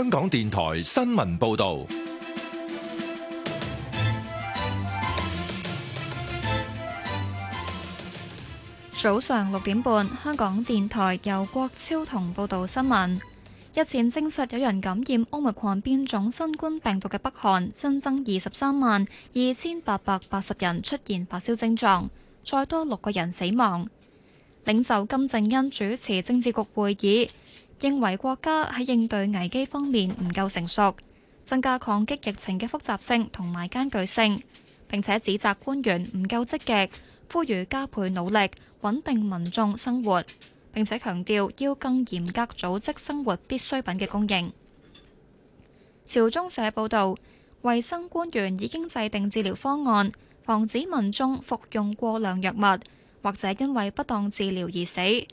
香港電台新聞報道，早上六點半，香港電台由郭超同報道新聞。日前證實有人感染 Omicron 變種新冠病毒嘅北韓，新增二十三萬二千八百八十人出現發燒症狀，再多六個人死亡。領袖金正恩主持政治局會議。認為國家喺應對危機方面唔夠成熟，增加抗擊疫情嘅複雜性同埋艱巨性，並且指責官員唔夠積極，呼籲加倍努力穩定民眾生活，並且強調要更嚴格組織生活必需品嘅供應。朝中社報道，衞生官員已經制定治療方案，防止民眾服用過量藥物或者因為不當治療而死。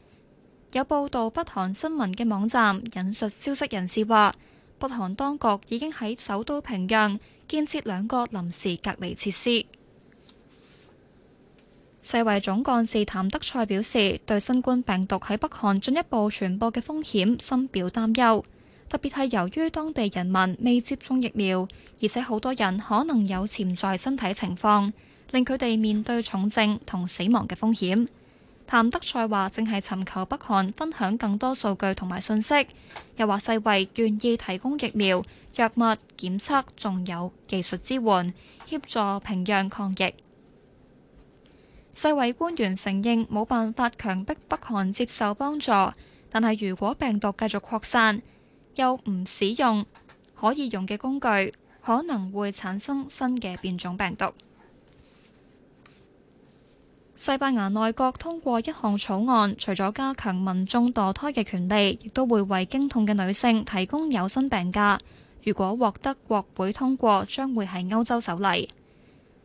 有報導北韓新聞嘅網站引述消息人士話，北韓當局已經喺首都平壤建設兩個臨時隔離設施。世衛總幹事譚德塞表示，對新冠病毒喺北韓進一步傳播嘅風險深表擔憂，特別係由於當地人民未接種疫苗，而且好多人可能有潛在身體情況，令佢哋面對重症同死亡嘅風險。譚德塞話：正係尋求北韓分享更多數據同埋信息，又話世衛願意提供疫苗、藥物、檢測，仲有技術支援，協助平壤抗疫。世衛官員承認冇辦法強迫北韓接受幫助，但係如果病毒繼續擴散，又唔使用可以用嘅工具，可能會產生新嘅變種病毒。西班牙內閣通過一項草案，除咗加強民眾墮胎嘅權利，亦都會為經痛嘅女性提供有薪病假。如果獲得國會通過，將會係歐洲首例。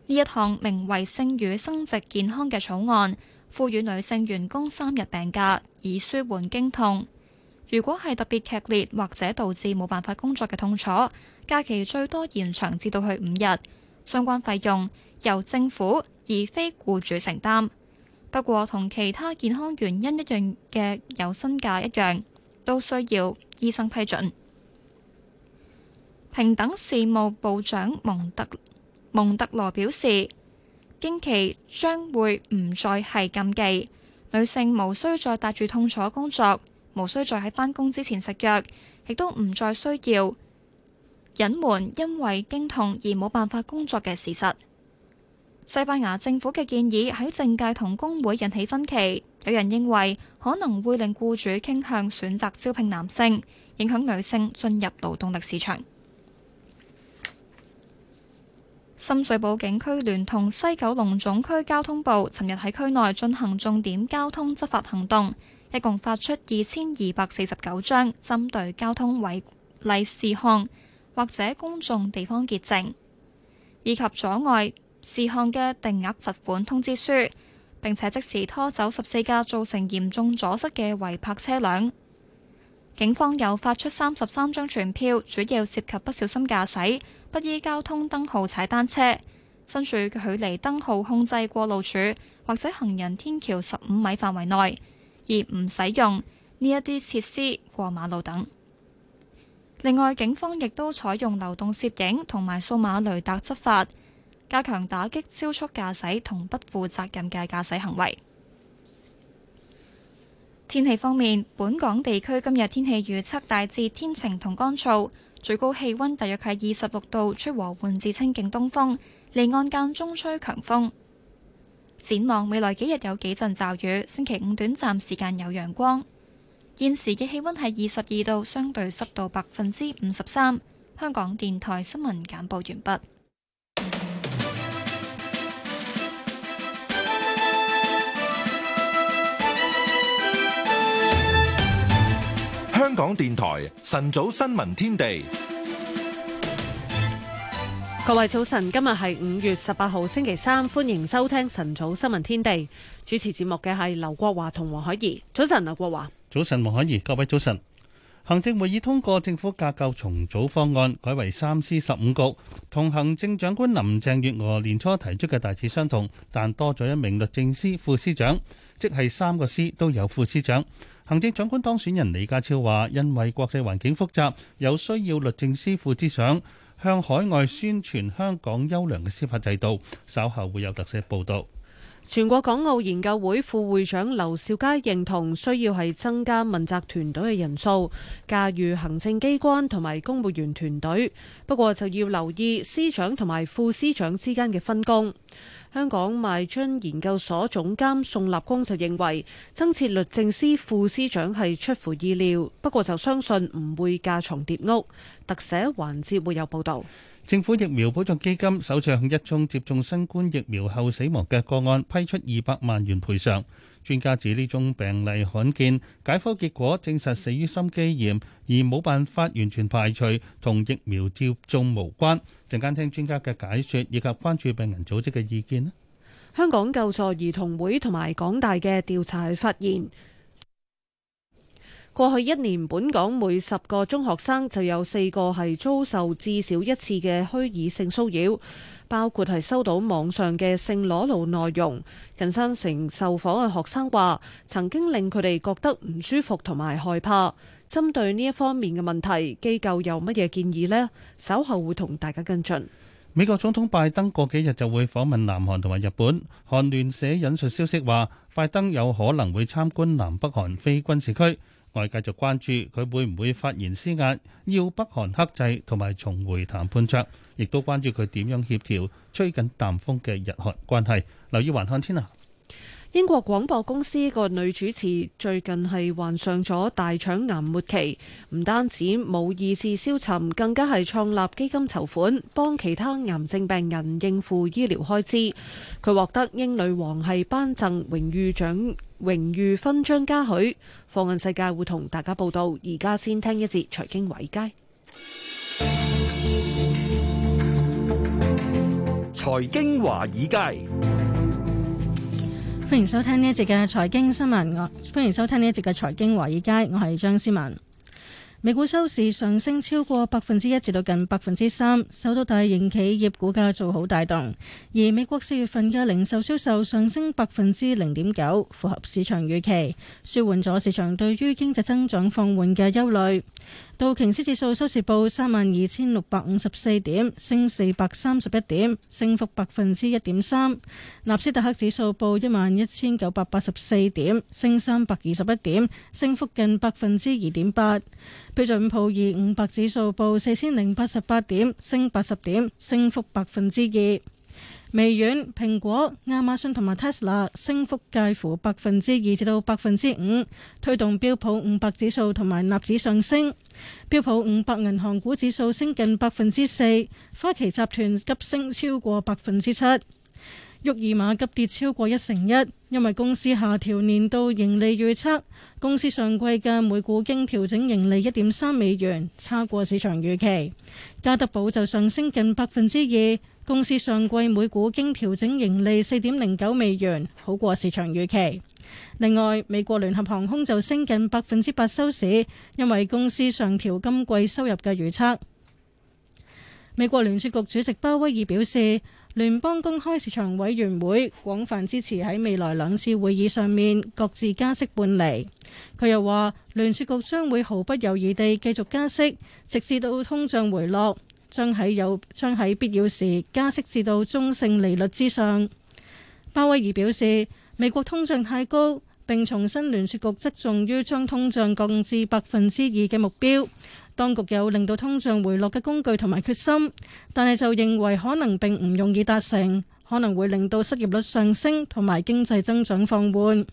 呢一項名為《性與生殖健康》嘅草案，賦予女性員工三日病假以舒緩經痛。如果係特別劇烈或者導致冇辦法工作嘅痛楚，假期最多延長至到去五日。相關費用由政府，而非雇主承擔。不過，同其他健康原因一樣嘅有薪假一樣，都需要醫生批准。平等事務部長蒙特蒙特羅表示，經期將會唔再係禁忌，女性無需再帶住痛楚工作，無需再喺返工之前食藥，亦都唔再需要隱瞞因為經痛而冇辦法工作嘅事實。西班牙政府嘅建議喺政界同工會引起分歧，有人認為可能會令雇主傾向選擇招聘男性，影響女性進入勞動力市場。深水埗警區聯同西九龍總區交通部，尋日喺區內進行重點交通執法行動，一共發出二千二百四十九張針對交通違例事項，或者公眾地方潔淨以及阻礙事項嘅定額罰款通知書，並且即時拖走十四架造成嚴重阻塞嘅違泊車輛。警方又發出三十三張傳票，主要涉及不小心駕駛、不依交通燈號踩單車、身處距離燈號控制過路處或者行人天橋十五米範圍內而唔使用呢一啲設施過馬路等。另外，警方亦都採用流動攝影同埋數碼雷達執法。加強打擊超速駕駛同不負責任嘅駕駛行為。天氣方面，本港地區今日天氣預測大致天晴同乾燥，最高氣溫大約係二十六度，吹和緩至清勁東風，離岸間中吹強風。展望未來幾日有幾陣驟雨，星期五短暫時間有陽光。現時嘅氣溫係二十二度，相對濕度百分之五十三。香港電台新聞簡報完畢。香港電台晨早新聞天地，各位早晨，今日係五月十八號星期三，歡迎收聽晨早新聞天地。主持節目嘅係劉國華同黃海怡。早晨，劉國華。早晨，黃海怡。各位早晨。行政會議通過政府架構重組方案，改為三司十五局，同行政長官林鄭月娥年初提出嘅大致相同，但多咗一名律政司副司長。即係三個司都有副司長。行政長官當選人李家超話，因為國際環境複雜，有需要律政司副司長向海外宣傳香港優良嘅司法制度。稍後會有特色報道。全國港澳研究會副會長劉兆佳認同，需要係增加問責團隊嘅人數，駕馭行政機關同埋公務員團隊。不過就要留意司長同埋副司長之間嘅分工。香港賣樽研究所總監宋立功就認為，增設律政司副司長係出乎意料，不過就相信唔會架床疊屋。特寫環節會有報道。政府疫苗保障基金首次向一宗接種新冠疫苗後死亡嘅個案，批出二百萬元賠償。專家指呢種病例罕見，解剖結果證實死於心肌炎，而冇辦法完全排除同疫苗接種無關。陣間聽專家嘅解說，以及關注病人組織嘅意見啦。香港救助兒童會同埋港大嘅調查發現，過去一年本港每十個中學生就有四個係遭受至少一次嘅虛擬性騷擾。包括係收到網上嘅性裸露內容，近三成受訪嘅學生話，曾經令佢哋覺得唔舒服同埋害怕。針對呢一方面嘅問題，機構有乜嘢建議呢？稍後會同大家跟進。美國總統拜登過幾日就會訪問南韓同埋日本，韓聯社引述消息話，拜登有可能會參觀南北韓非軍事區。外界繼續關注佢會唔會發言施壓，要北韓克制同埋重回談判桌，亦都關注佢點樣協調吹緊淡風嘅日韓關係。留意環看天啊，英國廣播公司個女主持最近係患上咗大腸癌末期，唔單止冇意志消沉，更加係創立基金籌款，幫其他癌症病人應付醫療開支。佢獲得英女王係頒贈榮譽獎。榮譽勳章嘉許，放眼世界會同大家報道。而家先聽一節財經華爾街。財經華爾街歡，歡迎收聽呢一節嘅財經新聞。我歡迎收聽呢一節嘅財經華爾街，我係張思文。美股收市上升超過百分之一，至到近百分之三，受到大型企業股價做好帶動。而美國四月份嘅零售銷售上升百分之零點九，符合市場預期，舒緩咗市場對於經濟增長放緩嘅憂慮。道瓊斯指數收市報三萬二千六百五十四點，升四百三十一點，升幅百分之一點三。納斯達克指數報一萬一千九百八十四點，升三百二十一點，升幅近百分之二點八。標準普爾五百指數報四千零八十八點，升八十點，升幅百分之二。微軟、蘋果、亞馬遜同埋 Tesla 升幅介乎百分之二至到百分之五，推動標普五百指數同埋納指上升。標普五百銀行股指數升近百分之四，花旗集團急升超過百分之七。沃爾瑪急跌超過一成一，因為公司下調年度盈利預測。公司上季嘅每股經調整盈利一點三美元，差過市場預期。加德寶就上升近百分之二，公司上季每股經調整盈利四點零九美元，好過市場預期。另外，美國聯合航空就升近百分之八收市，因為公司上調今季收入嘅預測。美國聯儲局主席鮑威爾表示。聯邦公開市場委員會廣泛支持喺未來兩次會議上面各自加息半釐。佢又話聯儲局將會毫不猶豫地繼續加息，直至到通脹回落，將喺有將喺必要時加息至到中性利率之上。鮑威爾表示，美國通脹太高，並重申聯儲局側重於將通脹降至百分之二嘅目標。當局有令到通脹回落嘅工具同埋決心，但係就認為可能並唔容易達成，可能會令到失業率上升同埋經濟增長放緩。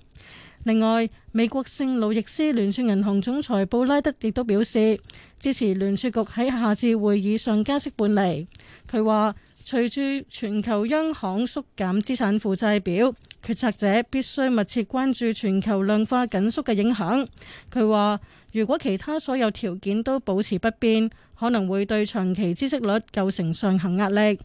另外，美國聖路易斯聯儲銀行總裁布拉德亦都表示支持聯儲局喺下次會議上加息半釐。佢話：隨住全球央行縮減資產負債表，決策者必須密切關注全球量化緊縮嘅影響。佢話，如果其他所有條件都保持不變，可能會對長期孳息率構成上行壓力。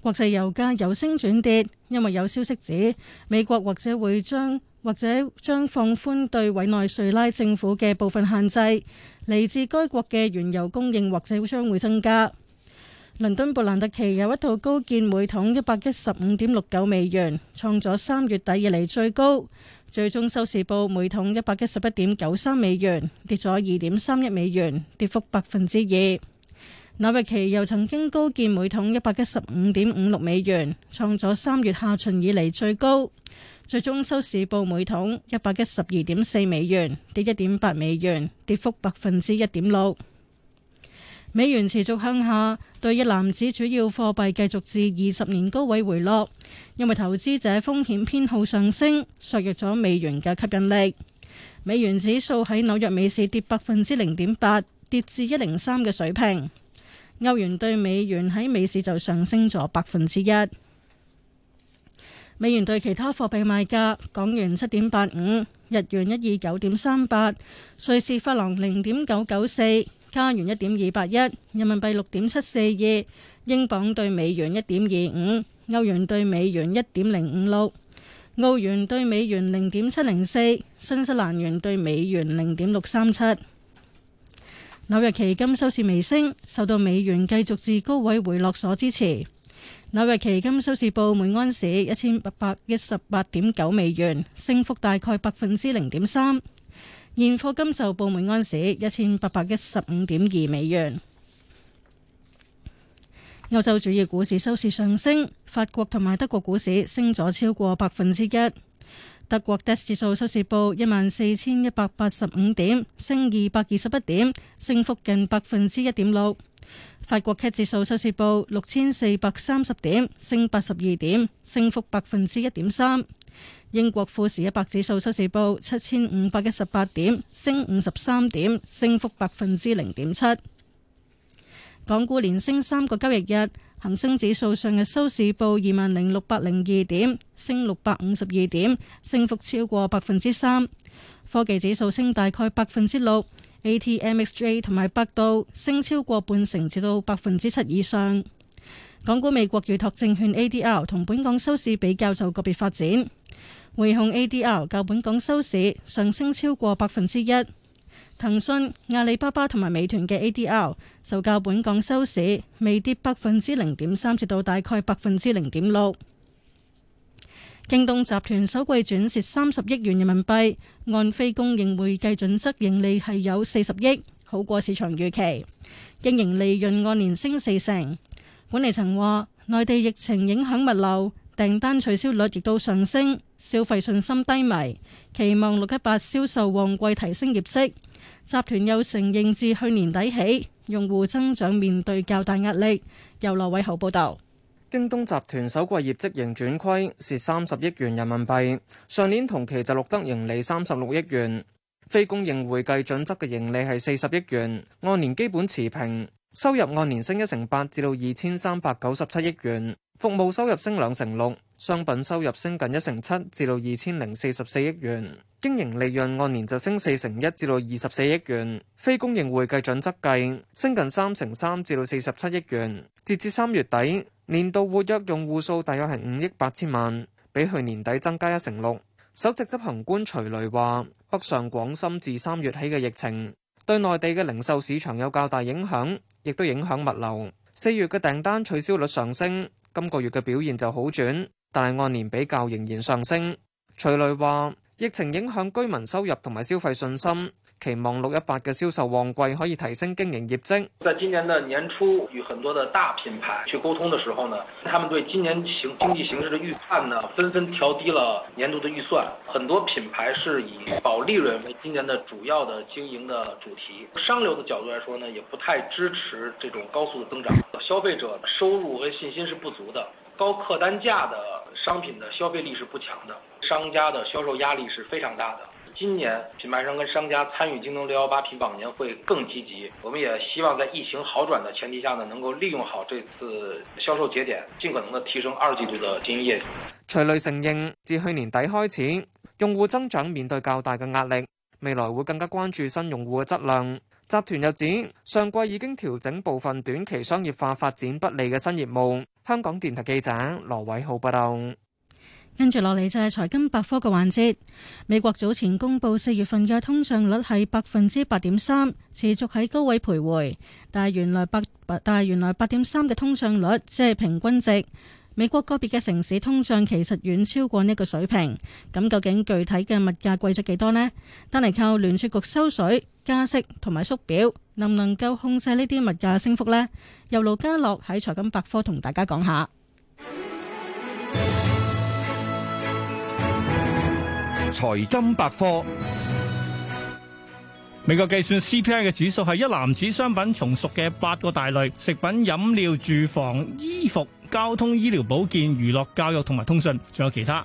國際油價由升轉跌，因為有消息指美國或者會將或者將放寬對委內瑞拉政府嘅部分限制，嚟自該國嘅原油供應或者將會增加。倫敦布蘭特期油一度高見每桶一百一十五點六九美元，創咗三月底以嚟最高。最終收市報每桶一百一十一點九三美元，跌咗二點三一美元，跌幅百分之二。紐約期又曾經高見每桶一百一十五點五六美元，創咗三月下旬以嚟最高。最終收市報每桶一百一十二點四美元，跌一點八美元，跌幅百分之一點六。美元持續向下，對一籃子主要貨幣繼續至二十年高位回落，因為投資者風險偏好上升，削弱咗美元嘅吸引力。美元指數喺紐約美市跌百分之零點八，跌至一零三嘅水平。歐元對美元喺美市就上升咗百分之一。美元對其他貨幣賣價：港元七點八五，日元一二九點三八，瑞士法郎零點九九四。加元一點二八一，人民幣六點七四二，英鎊兌美元一點二五，歐元兌美元一點零五六，澳元兌美元零點七零四，新西蘭元兌美元零點六三七。紐約期金收市微升，受到美元繼續自高位回落所支持。紐約期金收市報每安士一千八百一十八點九美元，升幅大概百分之零點三。現貨金就報每安士一千八百一十五點二美元。歐洲主要股市收市上升，法國同埋德國股市升咗超過百分之一。德國 DAX 指數收市報一萬四千一百八十五點，升二百二十一點，升幅近百分之一點六。法國 CAC 指數收市報六千四百三十點，升八十二點，升幅百分之一點三。英國富時一百指數收市報七千五百一十八點，升五十三點，升幅百分之零點七。港股連升三個交易日，恒生指數上日收市報二萬零六百零二點，升六百五十二點，升幅超過百分之三。科技指數升大概百分之六，ATMXJ 同埋百度升超過半成，至到百分之七以上。港股美國預託證券 ADR 同本港收市比較就個別發展。匯控 ADR 較本港收市上升超過百分之一，騰訊、阿里巴巴同埋美團嘅 ADR 受較本港收市微跌百分之零點三，至到大概百分之零點六。京東集團首季轉蝕三十億元人民幣，按非公認會計準則盈利係有四十億，好過市場預期，經營利潤按年升四成。管理層話內地疫情影響物流。訂單取消率亦都上升，消費信心低迷，期望六一八銷售旺季提升業績。集團又承認，自去年底起，用戶增長面對較大壓力。由羅偉豪報道，京東集團首季業績盈轉虧，蝕三十億元人民幣，上年同期就錄得盈利三十六億元，非公認會計準則嘅盈利係四十億元，按年基本持平。收入按年升一成八，至到二千三百九十七億元；服務收入升兩成六，商品收入升近一成七，至到二千零四十四億元。經營利潤按年就升四成一，至到二十四億元。非公認會計準則計，升近三成三，至到四十七億元。截至三月底，年度活躍用戶數大約係五億八千萬，比去年底增加一成六。首席執行官徐雷話：北上廣深至三月起嘅疫情，對內地嘅零售市場有較大影響。亦都影響物流。四月嘅訂單取消率上升，今個月嘅表現就好轉，但係按年比較仍然上升。徐雷話：疫情影響居民收入同埋消費信心。期望六一八嘅銷售旺季可以提升經營業績。在今年的年初，與很多的大品牌去溝通的時候呢，他們對今年形經濟形勢的預判呢，紛紛調低了年度的預算。很多品牌是以保利潤為今年的主要的經營的主題。商流的角度來說呢，也不太支持這種高速的增長。消費者收入和信心是不足的，高客單價的商品的消費力是不強的，商家的銷售壓力是非常大的。今年品牌商跟商家參與京東六一八品榜年會更積極，我們也希望在疫情好轉的前提下呢，能夠利用好這次銷售節點，盡可能的提升二季度的經營業績。徐雷承認，自去年底開始，用戶增長面對較大嘅壓力，未來會更加關注新用戶嘅質量。集團又指，上季已經調整部分短期商業化發展不利嘅新業務。香港電台記者羅偉浩報道。跟住落嚟就係財金百科嘅環節。美國早前公布四月份嘅通脹率係百分之八點三，持續喺高位徘徊。但係原來八但係原來八點三嘅通脹率即係平均值。美國個別嘅城市通脹其實遠超過呢個水平。咁究竟具體嘅物價貴咗幾多呢？單係靠聯儲局收水、加息同埋縮錶，能唔能夠控制呢啲物價升幅呢？由盧家樂喺財金百科同大家講下。財金百科，美國計算 CPI 嘅指數係一籃子商品從屬嘅八個大類：食品、飲料、住房、衣服、交通、醫療保健、娛樂、教育同埋通訊，仲有其他。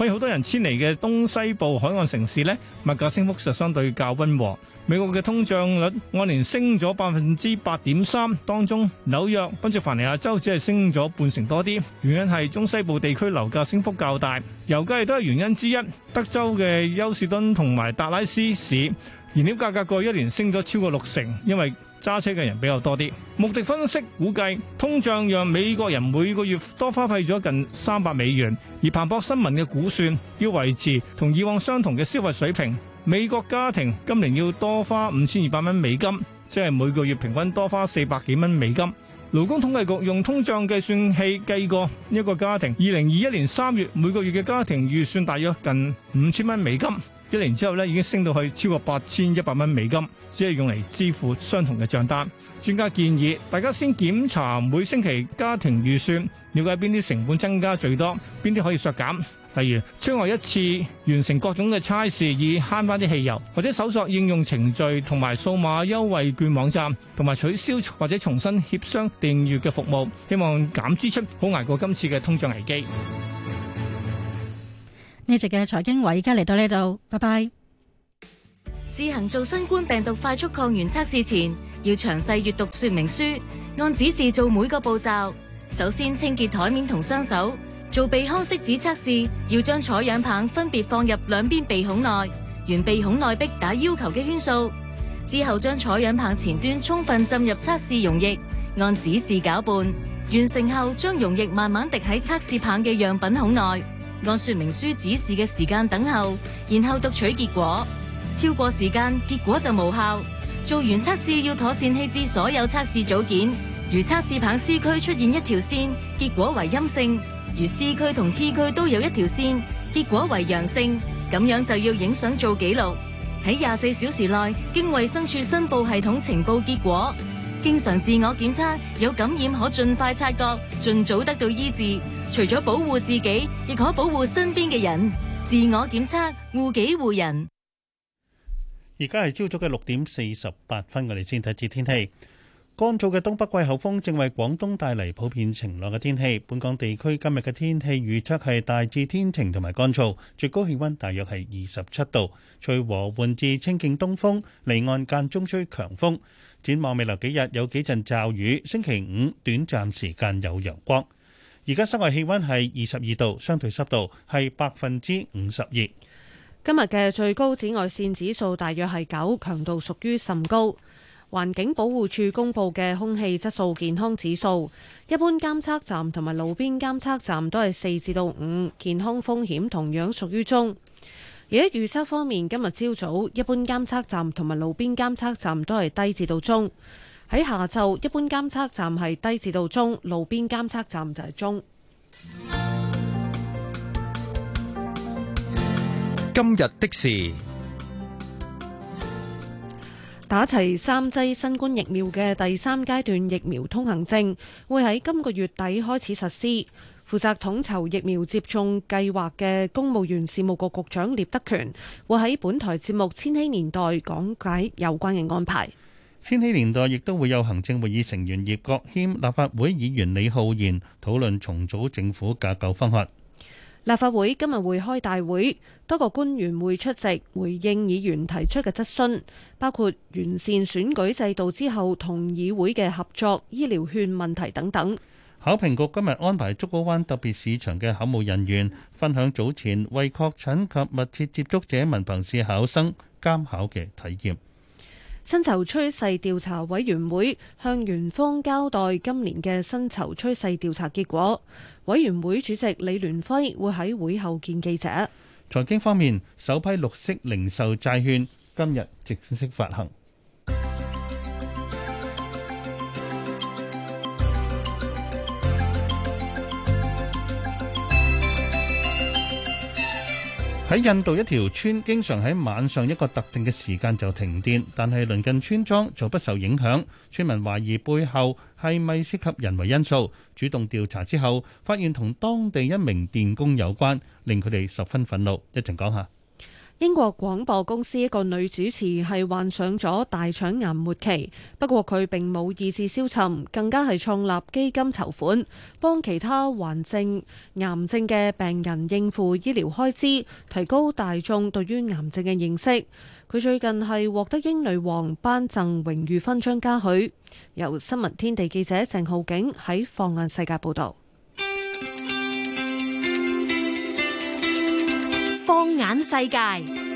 所以好多人遷嚟嘅東西部海岸城市呢，物價升幅實相對較溫和。美國嘅通脹率按年升咗百分之八點三，當中紐約、賓夕凡尼亞州只係升咗半成多啲。原因係中西部地區樓價升幅較大，油價亦都係原因之一。德州嘅休士敦同埋達拉斯市燃料價格過去一年升咗超過六成，因為揸車嘅人比較多啲。穆迪分析估計，通脹讓美國人每個月多花費咗近三百美元。而彭博新聞嘅估算，要維持同以往相同嘅消費水平，美國家庭今年要多花五千二百蚊美金，即係每個月平均多花四百幾蚊美金。勞工統計局用通脹計算器計過一個家庭，二零二一年三月每個月嘅家庭預算大約近五千蚊美金。一年之後咧，已經升到去超過八千一百蚊美金，只係用嚟支付相同嘅帳單。專家建議大家先檢查每星期家庭預算，了解邊啲成本增加最多，邊啲可以削減。例如，將來一次完成各種嘅差事，以慳翻啲汽油，或者搜索應用程序同埋數碼優惠券網站，同埋取消或者重新協商訂閱嘅服務。希望減支出，好捱過今次嘅通脹危機。一集嘅財經話，而家嚟到呢度，拜拜。自行做新冠病毒快速抗原測試前，要詳細閱讀說明書，按指示做每個步驟。首先清潔台面同雙手，做鼻腔拭子測試。要將採樣棒分別放入兩邊鼻孔內，沿鼻孔內壁打要求嘅圈數。之後將採樣棒前端充分浸入測試溶液，按指示攪拌。完成後，將溶液慢慢滴喺測試棒嘅樣品孔內。按說明書指示嘅時間等候，然後讀取結果。超過時間，結果就無效。做完測試要妥善棄置所有測試組件。如測試棒 C 區出現一條線，結果為陰性；如 C 區同 T 區都有一條線，結果為陽性。咁樣就要影相做記錄。喺廿四小時內經衛生署申報系統呈報結果。經常自我檢測，有感染可盡快察覺，盡早得到醫治。除咗保護自己，亦可保護身邊嘅人。自我檢測，護己護人。而家係朝早嘅六點四十八分，我哋先睇節天氣。乾燥嘅東北季候風正為廣東帶嚟普遍晴朗嘅天氣。本港地區今日嘅天氣預測係大致天晴同埋乾燥，最高氣溫大約係二十七度。隨和緩至清勁東風，離岸間中吹強風。展望未來幾日有幾陣驟雨，星期五短暫時間有陽光。而家室外氣温係二十二度，相對濕度係百分之五十二。今日嘅最高紫外線指數大約係九，強度屬於甚高。環境保護署公布嘅空氣質素健康指數，一般監測站同埋路邊監測站都係四至到五，5，健康風險同樣屬於中。而喺預測方面，今日朝早一般監測站同埋路邊監測站都係低至到中。喺下晝，一般監測站係低至到中，路邊監測站就係中。今日的事打齊三劑新冠疫苗嘅第三階段疫苗通行證會喺今個月底開始實施。負責統籌疫苗接種計劃嘅公務員事務局局長聶德權會喺本台節目《千禧年代》講解有關嘅安排。千禧年代亦都會有行政會議成員葉國謙、立法會議員李浩然討論重組政府架構方案。立法會今日會開大會，多個官員會出席回應議員提出嘅質詢，包括完善選舉制度之後同議會嘅合作、醫療券問題等等。考評局今日安排竹篙灣特別市場嘅考務人員分享早前為確診及密切接觸者文憑試考生監考嘅體驗。薪酬趨勢調查委員會向元方交代今年嘅薪酬趨勢調查結果。委員會主席李聯輝會喺會後見記者。財經方面，首批綠色零售債券今日正式發行。喺印度一條村，經常喺晚上一個特定嘅時間就停電，但係鄰近村莊就不受影響。村民懷疑背後係咪涉及人為因素？主動調查之後，發現同當地一名電工有關，令佢哋十分憤怒。一陣講下。英國廣播公司一個女主持係患上咗大腸癌末期，不過佢並冇意志消沉，更加係創立基金籌款，幫其他患症、癌症嘅病人應付醫療開支，提高大眾對於癌症嘅認識。佢最近係獲得英女王頒贈榮譽勳章嘉許。由新聞天地記者鄭浩景喺放眼世界報道。眼世界。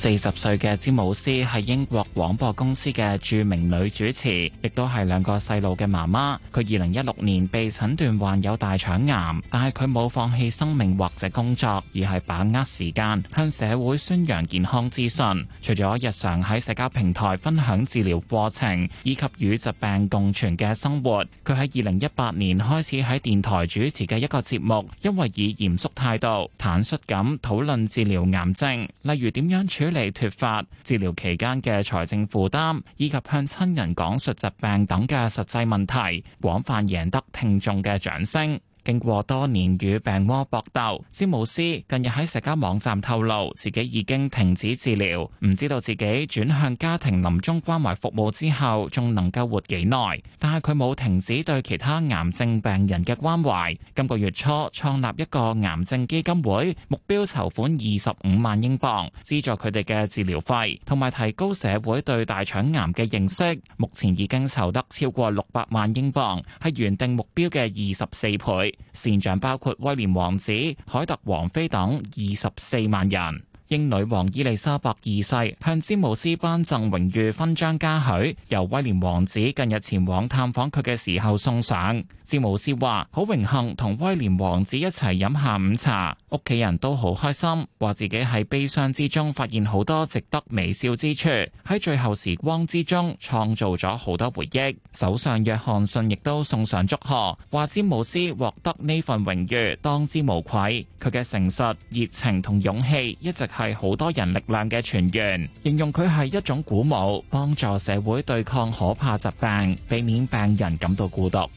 四十歲嘅詹姆斯係英國廣播公司嘅著名女主持，亦都係兩個細路嘅媽媽。佢二零一六年被診斷患有大腸癌，但係佢冇放棄生命或者工作，而係把握時間向社會宣揚健康資訊。除咗日常喺社交平台分享治療過程以及與疾病共存嘅生活，佢喺二零一八年開始喺電台主持嘅一個節目，因為以嚴肅態度、坦率咁討論治療癌症，例如點樣處處理脫髮、治療期間嘅財政負擔，以及向親人講述疾病等嘅實際問題，廣泛贏得聽眾嘅掌聲。經過多年與病魔搏鬥，詹姆斯近日喺社交網站透露自己已經停止治療，唔知道自己轉向家庭臨終關懷服務之後仲能夠活幾耐。但係佢冇停止對其他癌症病人嘅關懷。今個月初創立一個癌症基金會，目標籌款二十五萬英鎊，資助佢哋嘅治療費，同埋提高社會對大腸癌嘅認識。目前已經籌得超過六百萬英鎊，係原定目標嘅二十四倍。善長包括威廉王子、凱特王妃等二十四萬人。英女王伊麗莎白二世向詹姆斯頒贈榮譽勳章嘉許，由威廉王子近日前往探訪佢嘅時候送上。詹姆斯話：好榮幸同威廉王子一齊飲下午茶，屋企人都好開心。話自己喺悲傷之中發現好多值得微笑之處，喺最後時光之中創造咗好多回憶。首相約翰遜亦都送上祝賀，話詹姆斯獲得呢份榮譽當之無愧。佢嘅誠實、熱情同勇氣一直係好多人力量嘅泉源，形容佢係一種鼓舞，幫助社會對抗可怕疾病，避免病人感到孤獨。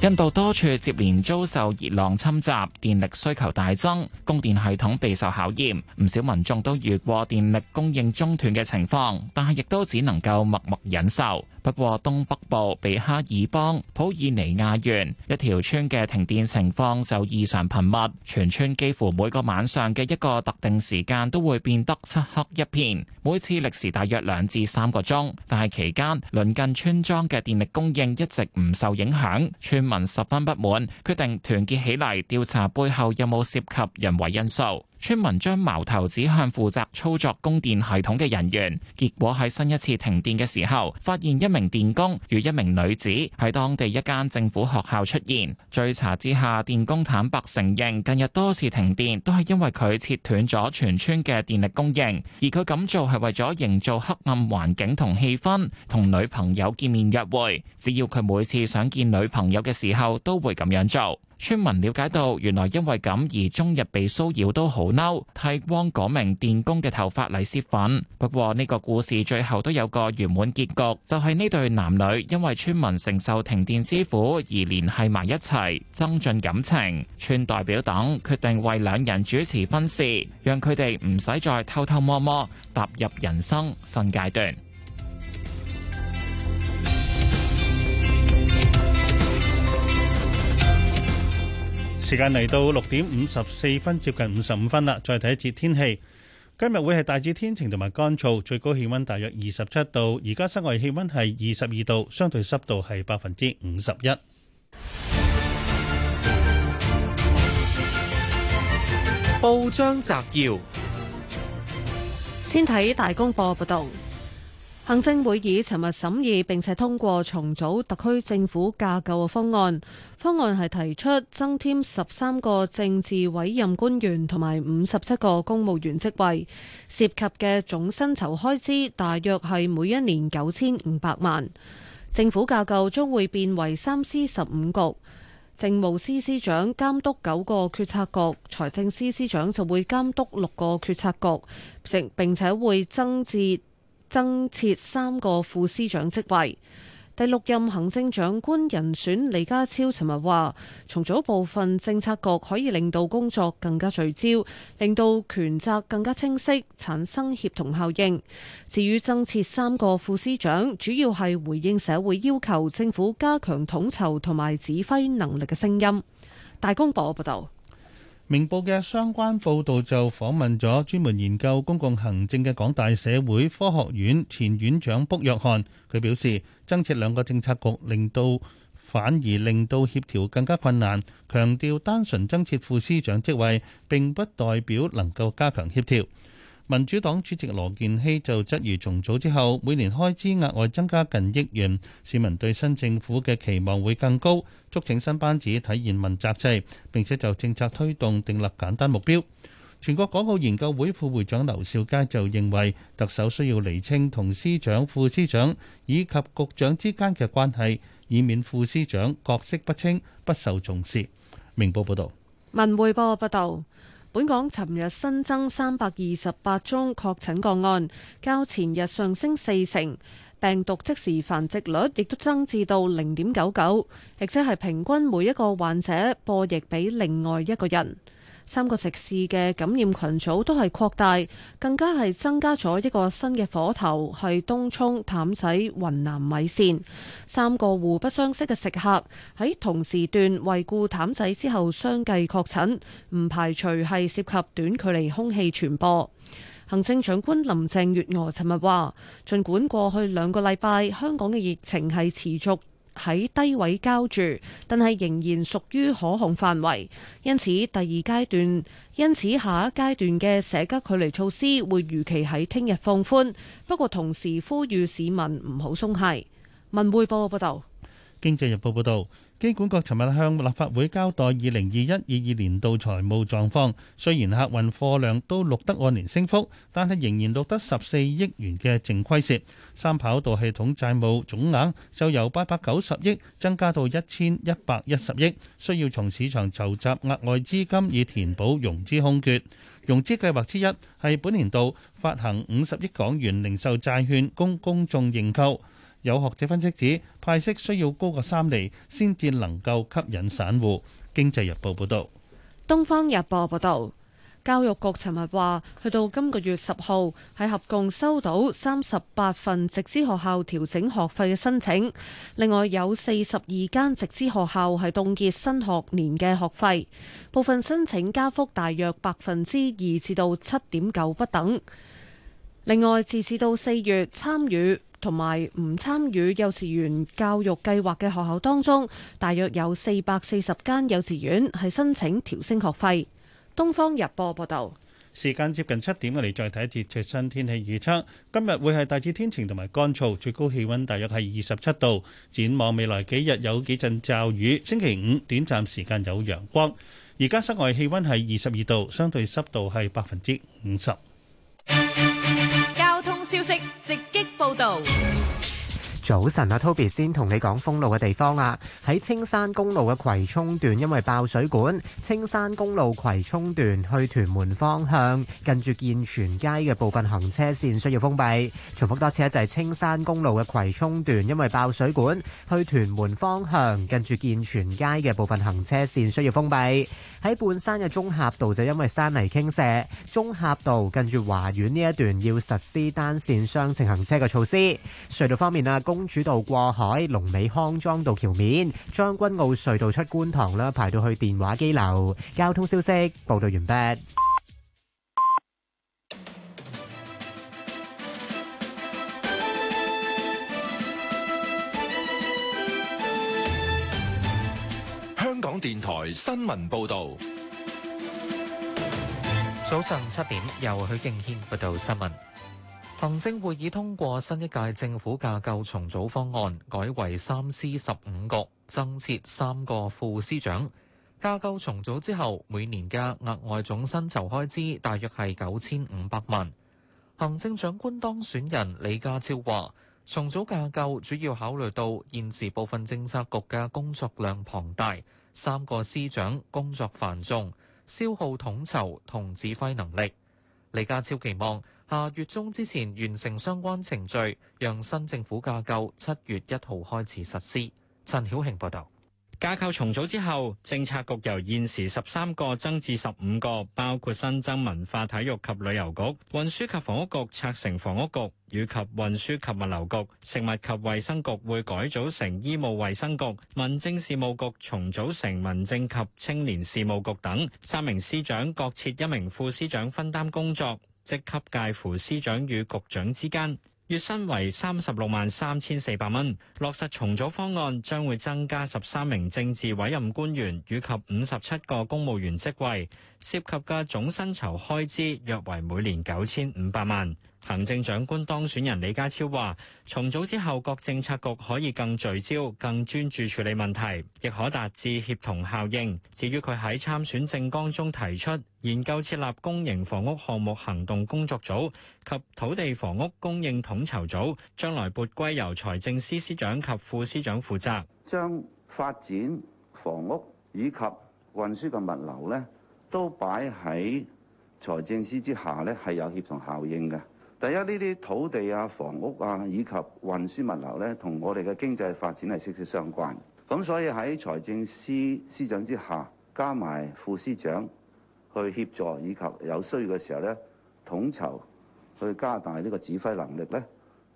印度多處接連遭受熱浪侵襲，電力需求大增，供電系統備受考驗。唔少民眾都遇過電力供應中斷嘅情況，但係亦都只能夠默默忍受。不過東北部比哈爾邦普爾尼亞縣一條村嘅停電情況就異常頻密，全村幾乎每個晚上嘅一個特定時間都會變得漆黑一片，每次歷時大約兩至三個鐘。但係期間鄰近村莊嘅電力供應一直唔受影響，村民十分不滿，決定團結起嚟調查背後有冇涉及人為因素。村民將矛頭指向負責操作供電系統嘅人員，結果喺新一次停電嘅時候，發現一名電工與一名女子喺當地一間政府學校出現。追查之下，電工坦白承認，近日多次停電都係因為佢切斷咗全村嘅電力供應，而佢咁做係為咗營造黑暗環境同氣氛，同女朋友見面約會。只要佢每次想見女朋友嘅時候，都會咁樣做。村民了解到，原來因為咁而中日被騷擾都好嬲，剃光嗰名電工嘅頭髮嚟泄憤。不過呢個故事最後都有個圓滿結局，就係、是、呢對男女因為村民承受停電之苦而聯繫埋一齊，增進感情。村代表等決定為兩人主持婚事，讓佢哋唔使再偷偷摸摸踏入人生新階段。時間嚟到六點五十四分，接近五十五分啦。再睇一節天氣，今日會係大致天晴同埋乾燥，最高氣温大約二十七度。而家室外氣温係二十二度，相對濕度係百分之五十一。報章摘要，先睇大公報報道。行政會議尋日審議並且通過重組特區政府架構嘅方案。方案係提出增添十三個政治委任官員同埋五十七個公務員職位，涉及嘅總薪酬開支大約係每一年九千五百萬。政府架構將會變為三司十五局，政務司司長監督九個決策局，財政司司長就會監督六個決策局，並且會增至，增設三個副司長職位，第六任行政長官人選李家超尋日話，重組部分政策局可以令到工作更加聚焦，令到權責更加清晰，產生協同效應。至於增設三個副司長，主要係回應社會要求政府加強統籌同埋指揮能力嘅聲音。大公報報道。明報嘅相關報導就訪問咗專門研究公共行政嘅港大社會科學院前院長卜約翰，佢表示增設兩個政策局，令到反而令到協調更加困難，強調單純增設副司長職位並不代表能夠加強協調。民主黨主席羅健熙就質疑重組之後每年開支額外增加近億元，市民對新政府嘅期望會更高，促請新班子體現問責制，並且就政策推動訂立簡單目標。全國港澳研究會副會長劉兆佳就認為特首需要釐清同司長、副司長以及局長之間嘅關係，以免副司長角色不清不受重視。明報報導，文匯報報道。本港尋日新增三百二十八宗確診個案，較前日上升四成，病毒即時繁殖率亦都增至到零點九九，亦即係平均每一個患者播疫俾另外一個人。三個食肆嘅感染群組都係擴大，更加係增加咗一個新嘅火頭，係東涌、譚仔雲南米線。三個互不相識嘅食客喺同時段圍顧譚仔之後，相繼確診，唔排除係涉及短距離空氣傳播。行政長官林鄭月娥尋日話，儘管過去兩個禮拜香港嘅疫情係持續喺低位交住，但係仍然屬於可控範圍，因此第二階段，因此下一階段嘅社交距離措施會如期喺聽日放寬，不過同時呼籲市民唔好鬆懈。文匯報報道，經濟日報報道。機管局尋日向立法會交代2021-22年度財務狀況，雖然客運貨量都錄得按年升幅，但係仍然錄得十四億元嘅淨虧蝕。三跑道系統債務總額就由890億增加到1110億，需要從市場籌集額外資金以填補融資空缺。融資計劃之一係本年度發行五十億港元零售債券供公眾認購。有學者分析指，派息需要高過三厘先至能夠吸引散戶。經濟日報報導，東方日報報導，教育局尋日話，去到今個月十號，喺合共收到三十八份直資學校調整學費嘅申請，另外有四十二間直資學校係凍結新學年嘅學費，部分申請加幅大約百分之二至到七點九不等。另外，自至到四月參與。同埋唔參與幼稚園教育計劃嘅學校當中，大約有四百四十間幼稚園係申請調升學費。東方日報報道：「時間接近七點，我哋再睇一節最新天氣預測。今日會係大致天晴同埋乾燥，最高氣温大約係二十七度。展望未來幾日有幾陣驟雨，星期五短暫時間有陽光。而家室外氣温係二十二度，相對濕度係百分之五十。 消息直擊報導。早晨啊，Toby 先同你講封路嘅地方啊，喺青山公路嘅葵涌段，因為爆水管，青山公路葵涌段去屯門方向，近住健全街嘅部分行車線需要封閉。重復多次，就係，青山公路嘅葵涌段，因為爆水管，去屯門方向，近住健全街嘅部分行車線需要封閉。喺半山嘅中峽道就因為山泥傾瀉，中峽道近住華苑呢一段要實施單線雙程行車嘅措施。隧道方面啊，公公主道過海、龍尾康莊道橋面、將軍澳隧道出觀塘啦，排到去電話機樓。交通消息報道完畢。香港電台新聞報道。早上七點，由許敬軒報道新聞。行政會議通過新一屆政府架構重組方案，改為三司十五局，增設三個副司長。架構重組之後，每年嘅額外總薪酬開支大約係九千五百萬。行政長官當選人李家超話，重組架構主要考慮到現時部分政策局嘅工作量龐大，三個司長工作繁重，消耗統籌同指揮能力。李家超期望下月中之前完成相關程序，讓新政府架構七月一號開始實施。陳曉慶報導。架構重組之後，政策局由現時十三個增至十五個，包括新增文化、體育及旅遊局、運輸及房屋局拆成房屋局，以及運輸及物流局、食物及衛生局會改組成醫務衛生局、民政事務局重組成民政及青年事務局等。三名司長各設一名副司長分擔工作。職級介乎司長與局長之間，月薪為三十六萬三千四百蚊。落實重組方案將會增加十三名政治委任官員以及五十七個公務員職位，涉及嘅總薪酬開支約為每年九千五百萬。行政長官當選人李家超話：重組之後，各政策局可以更聚焦、更專注處理問題，亦可達至協同效應。至於佢喺參選政綱中提出研究設立公營房屋項目行動工作組及土地房屋供應統籌組，將來撥歸由財政司司長及副司長負責，將發展房屋以及運輸嘅物流呢，都擺喺財政司之下呢，係有協同效應嘅。第一呢啲土地啊、房屋啊，以及運輸物流咧，同我哋嘅經濟發展係息息相關，咁所以喺財政司司長之下加埋副司長去協助，以及有需要嘅時候咧，統籌去加大呢個指揮能力咧，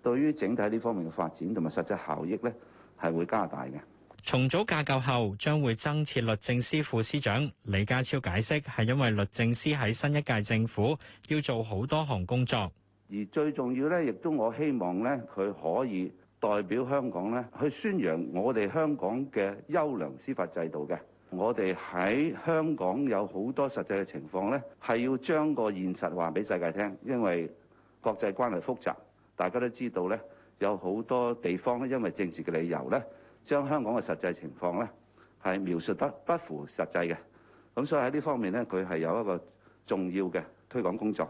對於整體呢方面嘅發展同埋實際效益咧係會加大嘅。重組架構後將會增設律政司副司長，李家超解釋，係因為律政司喺新一屆政府要做好多項工作。而最重要咧，亦都我希望咧，佢可以代表香港咧，去宣揚我哋香港嘅優良司法制度嘅。我哋喺香港有好多實際嘅情況咧，係要將個現實話俾世界聽，因為國際關係複雜，大家都知道咧，有好多地方咧，因為政治嘅理由咧，將香港嘅實際情況咧係描述得不符實際嘅。咁所以喺呢方面咧，佢係有一個重要嘅推廣工作。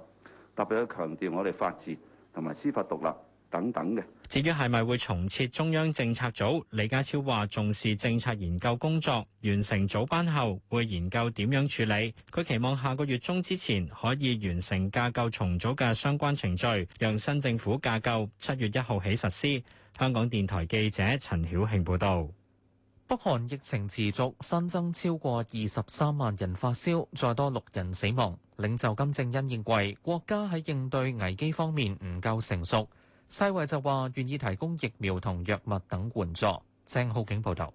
特別去強調我哋法治同埋司法獨立等等嘅。至於係咪會重設中央政策組，李家超話重視政策研究工作，完成組班後會研究點樣處理。佢期望下個月中之前可以完成架構重組嘅相關程序，讓新政府架構七月一號起實施。香港電台記者陳曉慶報導。北韓疫情持續，新增超過二十三萬人發燒，再多六人死亡。領袖金正恩認為國家喺應對危機方面唔夠成熟，世衛就話願意提供疫苗同藥物等援助。鄭浩景報道。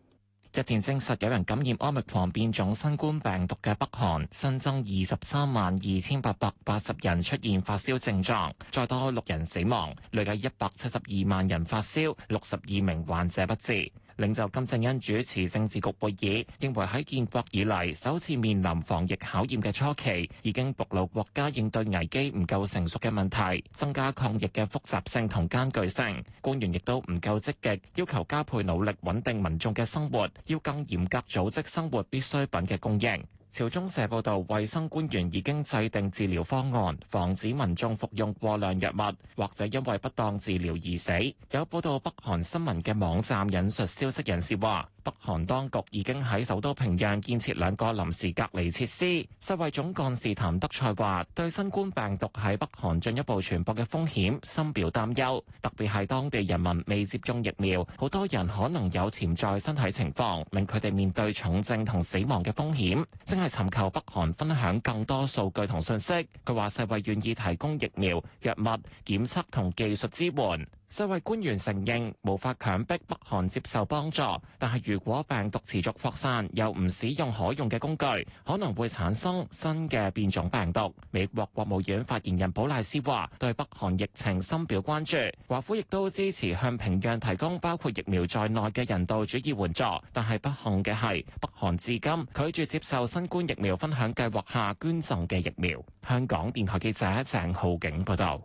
日前證實有人感染奧密克戎變種新冠病毒嘅北韓新增二十三萬二千八百八十人出現發燒症狀，再多六人死亡，累計一百七十二萬人發燒，六十二名患者不治。領袖金正恩主持政治局會議，認為喺建國以嚟首次面臨防疫考驗嘅初期，已經暴露國家應對危機唔夠成熟嘅問題，增加抗疫嘅複雜性同艱巨性。官員亦都唔夠積極，要求加倍努力穩定民眾嘅生活，要更嚴格組織生活必需品嘅供應。朝中社報道，衛生官員已經制定治療方案，防止民眾服用過量藥物或者因為不當治療而死。有報道北韓新聞嘅網站引述消息人士話，北韓當局已經喺首都平壤建設兩個臨時隔離設施。世衛總幹事譚德塞話：對新冠病毒喺北韓進一步傳播嘅風險深表擔憂，特別係當地人民未接種疫苗，好多人可能有潛在身體情況，令佢哋面對重症同死亡嘅風險。都係尋求北韓分享更多數據同信息。佢話：世衛願意提供疫苗、藥物、檢測同技術支援。世衛官員承認無法強迫北韓接受幫助，但係如果病毒持續擴散，又唔使用可用嘅工具，可能會產生新嘅變種病毒。美國國務院發言人普賴斯話：對北韓疫情深表關注。華府亦都支持向平壤提供包括疫苗在內嘅人道主義援助，但係不幸嘅係，北韓至今拒絕接受新冠疫苗分享計劃下捐贈嘅疫苗。香港電台記者鄭浩景報道。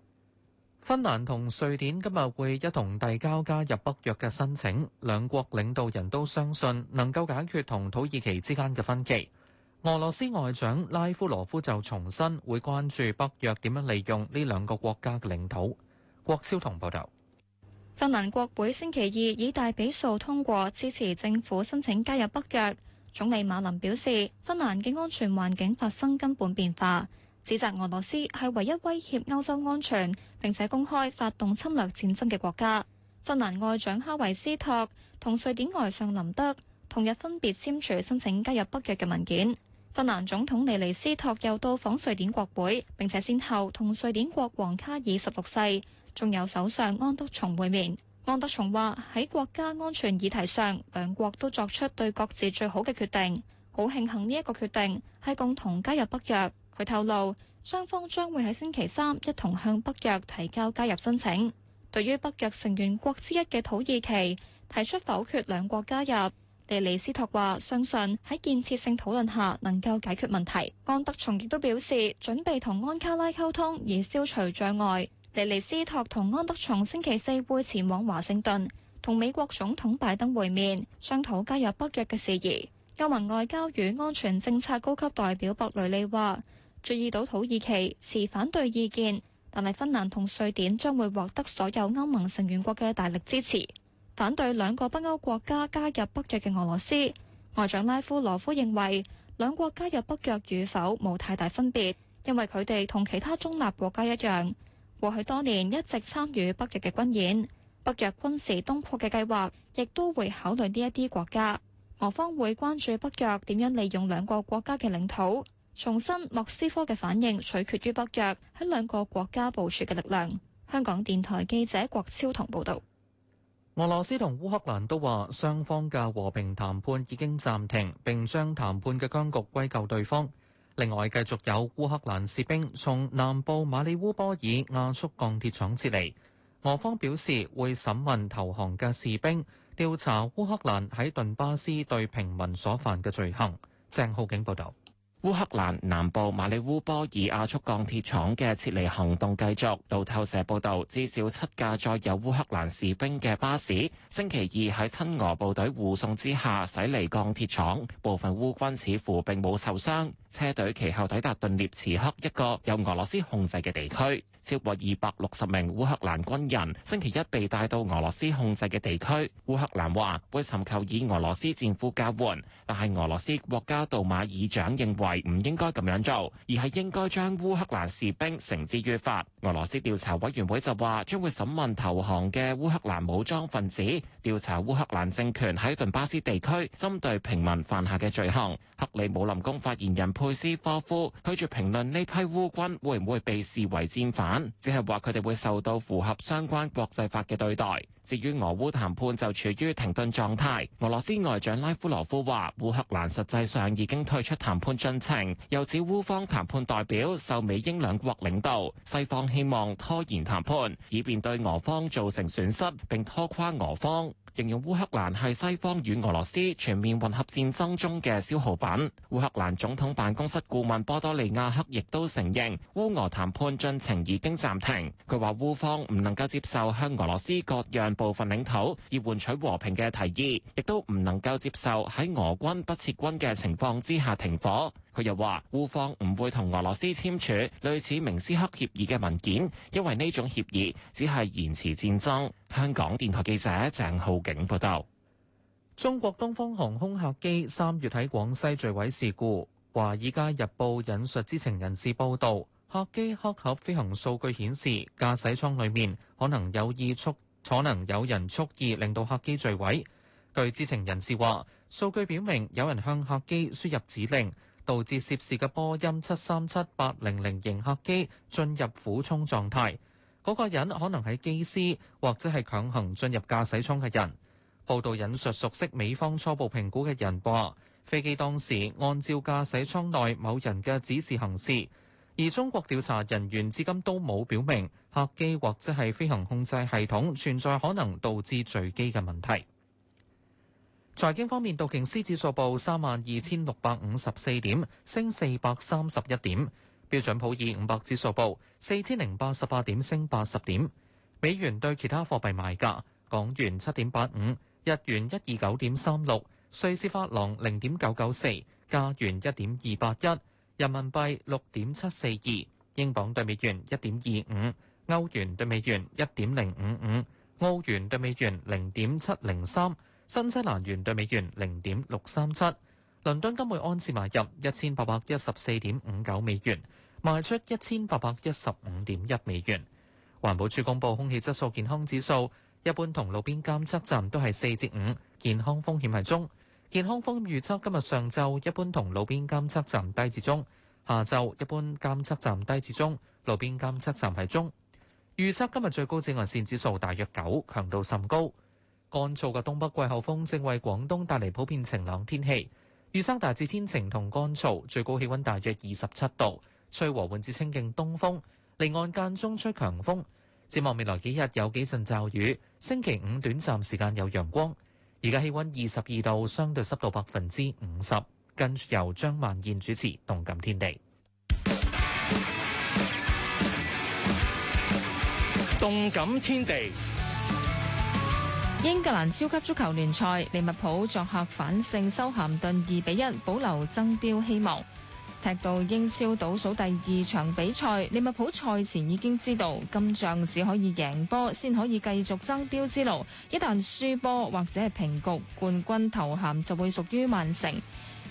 芬蘭同瑞典今日會一同遞交加入北約嘅申請，兩國領導人都相信能夠解決同土耳其之間嘅分歧。俄羅斯外長拉夫羅夫就重申會關注北約點樣利用呢兩個國家嘅領土。郭超彤報道。芬蘭國會星期二以大比數通過支持政府申請加入北約。總理馬林表示，芬蘭嘅安全環境發生根本變化。指責俄羅斯係唯一威脅歐洲安全，並且公開發動侵略戰爭嘅國家。芬蘭外長哈維斯托同瑞典外相林德同日分別簽署申請加入北約嘅文件。芬蘭總統尼尼斯托又到訪瑞典國會，並且先後同瑞典國王卡爾十六世，仲有首相安德松會面。安德松話喺國家安全議題上，兩國都作出對各自最好嘅決定，好慶幸呢一個決定係共同加入北約。佢透露，雙方將會喺星期三一同向北約提交加入申請。對於北約成員國之一嘅土耳其提出否決兩國加入，尼尼斯托話相信喺建設性討論下能夠解決問題。安德松亦都表示準備同安卡拉溝通，以消除障礙。尼尼斯托同安德松星期四會前往華盛頓，同美國總統拜登會面，商討加入北約嘅事宜。歐盟外交與安全政策高級代表博雷利話，注意到土耳其持反對意見，但係芬蘭同瑞典將會獲得所有歐盟成員國嘅大力支持。反對兩個北歐國家加入北約嘅俄羅斯外長拉夫羅夫認為，兩國加入北約與否冇太大分別，因為佢哋同其他中立國家一樣，過去多年一直參與北約嘅軍演，北約軍事東擴嘅計劃亦都會考慮呢一啲國家，俄方會關注北約點樣利用兩個國家嘅領土。重申莫斯科嘅反應取決於北約喺兩個國家部署嘅力量。香港電台記者郭超同報導。俄羅斯同烏克蘭都話雙方嘅和平談判已經暫停，並將談判嘅僵局歸咎對方。另外，繼續有烏克蘭士兵從南部馬里烏波爾亞速鋼鐵廠撤離。俄方表示會審問投降嘅士兵，調查烏克蘭喺頓巴斯對平民所犯嘅罪行。鄭浩景報導。烏克蘭南部馬里烏波爾亞速鋼鐵廠嘅撤離行動繼續。路透社報道，至少七架載有烏克蘭士兵嘅巴士，星期二喺親俄部隊護送之下駛離鋼鐵廠，部分烏軍似乎並冇受傷。車隊其後抵達頓涅茨克一個由俄羅斯控制嘅地區。超過二百六十名烏克蘭軍人星期一被帶到俄羅斯控制嘅地區。烏克蘭話會尋求以俄羅斯戰俘交換，但係俄羅斯國家杜馬議長認為唔應該咁樣做，而係應該將烏克蘭士兵繩之於法。俄羅斯調查委員會就話將會審問投降嘅烏克蘭武裝分子。調查烏克蘭政權喺頓巴斯地區針對平民犯下嘅罪行。克里姆林宮發言人佩斯科夫拒絕評論呢批烏軍會唔會被視為戰犯，只係話佢哋會受到符合相關國際法嘅對待。至於俄烏談判就處於停頓狀態，俄羅斯外長拉夫羅夫話，烏克蘭實際上已經退出談判進程，又指烏方談判代表受美英兩國領導，西方希望拖延談判，以便對俄方造成損失，並拖垮俄方。形容烏克蘭係西方與俄羅斯全面混合戰爭中嘅消耗品。烏克蘭總統辦公室顧問波多利亞克亦都承認烏俄談判進程已經暫停。佢話烏方唔能夠接受向俄羅斯割讓部分領土以換取和平嘅提議，亦都唔能夠接受喺俄軍不撤軍嘅情況之下停火。佢又話：烏方唔會同俄羅斯簽署類似明斯克協議嘅文件，因為呢種協議只係延遲戰爭。香港電台記者鄭浩景報道，中國東方航空客機三月喺廣西墜毀事故，華爾街日報引述知情人士報道，客機黑盒飛行數據顯示，駕駛艙裡面可能有意蓄，可能有人蓄意令到客機墜毀。據知情人士話，數據表明有人向客機輸入指令。導致涉事嘅波音七三七八零零型客機進入俯衝狀態，嗰個人可能係機師或者係強行進入駕駛艙嘅人。報道引述熟悉美方初步評估嘅人話，飛機當時按照駕駛艙內某人嘅指示行事，而中國調查人員至今都冇表明客機或者係飛行控制系統存在可能導致墜機嘅問題。財經方面，道瓊斯指數報三萬二千六百五十四點，升四百三十一點；標準普爾五百指數報四千零八十八點，升八十點。美元對其他貨幣賣價：港元七點八五，日元一二九點三六，瑞士法郎零點九九四，加元一點二八一，人民幣六點七四二，英鎊對美元一點二五，歐元對美元一點零五五，澳元對美元零點七零三。新西蘭元對美元零點六三七，倫敦金每盎司買入一千八百一十四點五九美元，賣出一千八百一十五點一美元。環保署公布空氣質素健康指數，一般同路邊監測站都係四至五，5，健康風險係中。健康風險預測今日上晝一般同路邊監測站低至中，下晝一般監測站低至中，路邊監測站係中。預測今日最高紫外線指數大約九，強度甚高。乾燥嘅東北季候風正為廣東帶嚟普遍晴朗天氣，預測大致天晴同乾燥，最高氣溫大約二十七度，吹和緩至清勁東風，離岸間中吹強風。展望未來幾日有幾陣驟雨，星期五短暫時間有陽光。而家氣溫二十二度，相對濕度百分之五十。跟住由張萬燕主持《動感天地》，《動感天地》。英格蘭超級足球聯賽，利物浦作客反勝收咸頓二比一，保留爭標希望。踢到英超倒數第二場比賽，利物浦賽前已經知道，今仗只可以贏波，先可以繼續爭標之路。一旦輸波或者係平局，冠軍頭銜就會屬於曼城。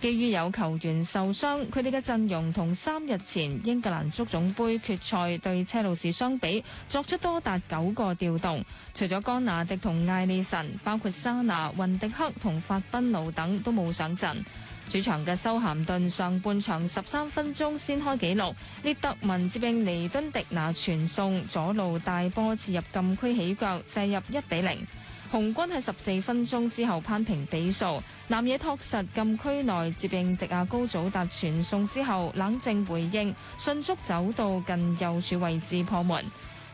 基於有球員受傷，佢哋嘅陣容同三日前英格蘭足總杯決賽對車路士相比，作出多達九個調動。除咗江拿迪同艾利臣，包括沙拿、雲迪克同法賓奴等都冇上陣。主場嘅修咸頓上半場十三分鐘先開紀錄，列德文接應尼敦迪拿傳送左路大波切入禁區起腳射入一比零。紅軍喺十四分鐘之後扳平比數，南野拓實禁區內接應迪亞高祖達傳送之後，冷靜回應，迅速走到近右柱位置破門。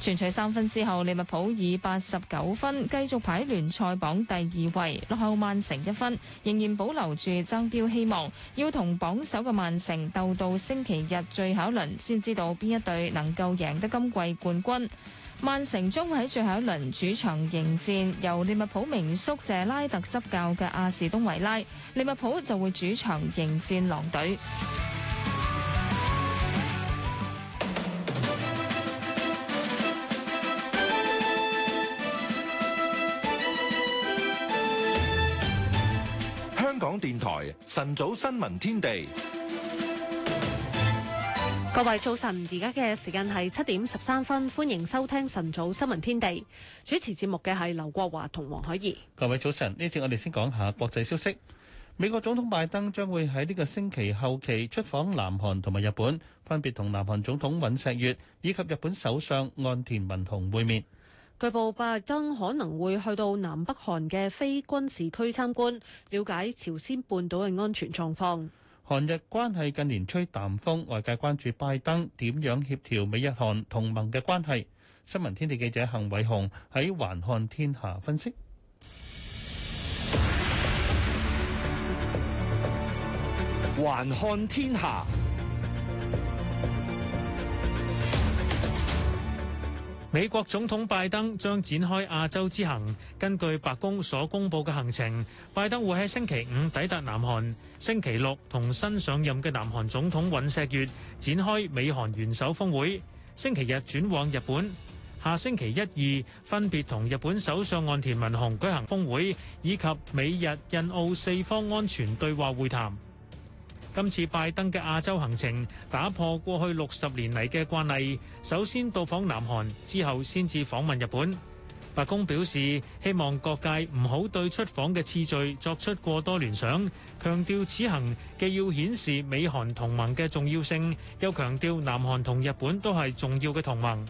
全取三分之後，利物浦以八十九分繼續排聯賽榜第二位，落後曼城一分，仍然保留住爭標希望。要同榜首嘅曼城鬥到星期日最後一輪，先知道邊一隊能夠贏得今季冠軍。曼城將會喺最後一輪主場迎戰由利物浦名宿謝拉特執教嘅阿士東維拉，利物浦就會主場迎戰狼隊。港電台晨早新聞天地，各位早晨，而家嘅時間係七點十三分，歡迎收聽晨早新聞天地。主持節目嘅係劉國華同黃海怡。各位早晨，呢次我哋先講下國際消息。美國總統拜登將會喺呢個星期後期出訪南韓同埋日本，分別同南韓總統尹錫悅以及日本首相岸田文雄會面。據報拜登可能會去到南北韓嘅非軍事區參觀，了解朝鮮半島嘅安全狀況。韓日關係近年吹淡風，外界關注拜登點樣協調美日韓同盟嘅關係。新聞天地記者幸偉雄喺環看天下分析。環看天下。美國總統拜登將展開亞洲之行。根據白宮所公布嘅行程，拜登會喺星期五抵達南韓，星期六同新上任嘅南韓總統尹錫悅展開美韓元首峰會，星期日轉往日本，下星期一、二分別同日本首相岸田文雄舉行峰會，以及美日印澳四方安全對話會談。今次拜登嘅亞洲行程打破過去六十年嚟嘅慣例，首先到訪南韓，之後先至訪問日本。白宮表示希望各界唔好對出訪嘅次序作出過多聯想，強調此行既要顯示美韓同盟嘅重要性，又強調南韓同日本都係重要嘅同盟。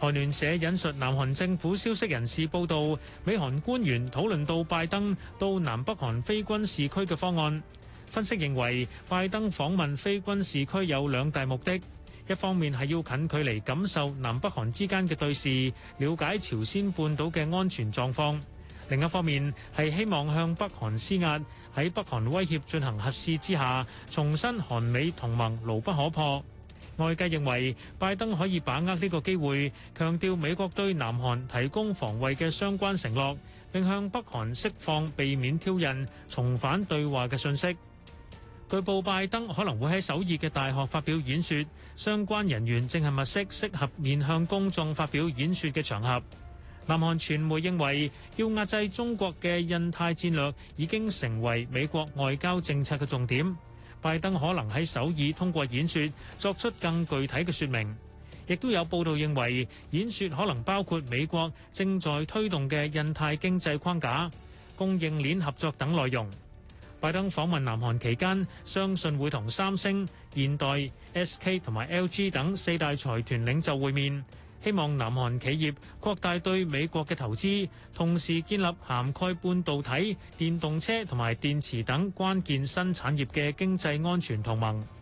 韓聯社引述南韓政府消息人士報道，美韓官員討論到拜登到南北韓非軍事區嘅方案。分析認為拜登訪問非軍事區有兩大目的：一方面係要近距離感受南北韓之間嘅對峙，了解朝鮮半島嘅安全狀況，另一方面係希望向北韓施壓，喺北韓威脅進行核試之下，重申韓美同盟牢不可破。外界認為拜登可以把握呢個機會，強調美國對南韓提供防衛嘅相關承諾，並向北韓釋放避免挑釁重返對話嘅信息。據報拜登可能會喺首爾嘅大學發表演說，相關人員正係物色適合面向公眾發表演說嘅場合。南韓傳媒認為，要壓制中國嘅印太戰略已經成為美國外交政策嘅重點，拜登可能喺首爾通過演說作出更具體嘅説明。亦都有報道認為，演說可能包括美國正在推動嘅印太經濟框架、供應鏈合作等內容。拜登訪問南韓期間，相信會同三星、現代、SK 同埋 LG 等四大財團領袖會面，希望南韓企業擴大對美國嘅投資，同時建立涵蓋半導體、電動車同埋電池等關鍵新產業嘅經濟安全同盟。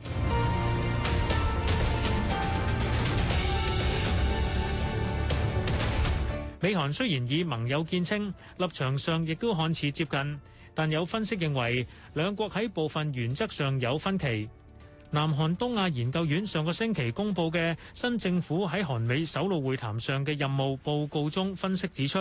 美韓雖然以盟友見稱，立場上亦都看似接近。但有分析認為，兩國喺部分原則上有分歧。南韓東亞研究院上個星期公布嘅新政府喺韓美首腦會談上嘅任務報告中分析指出，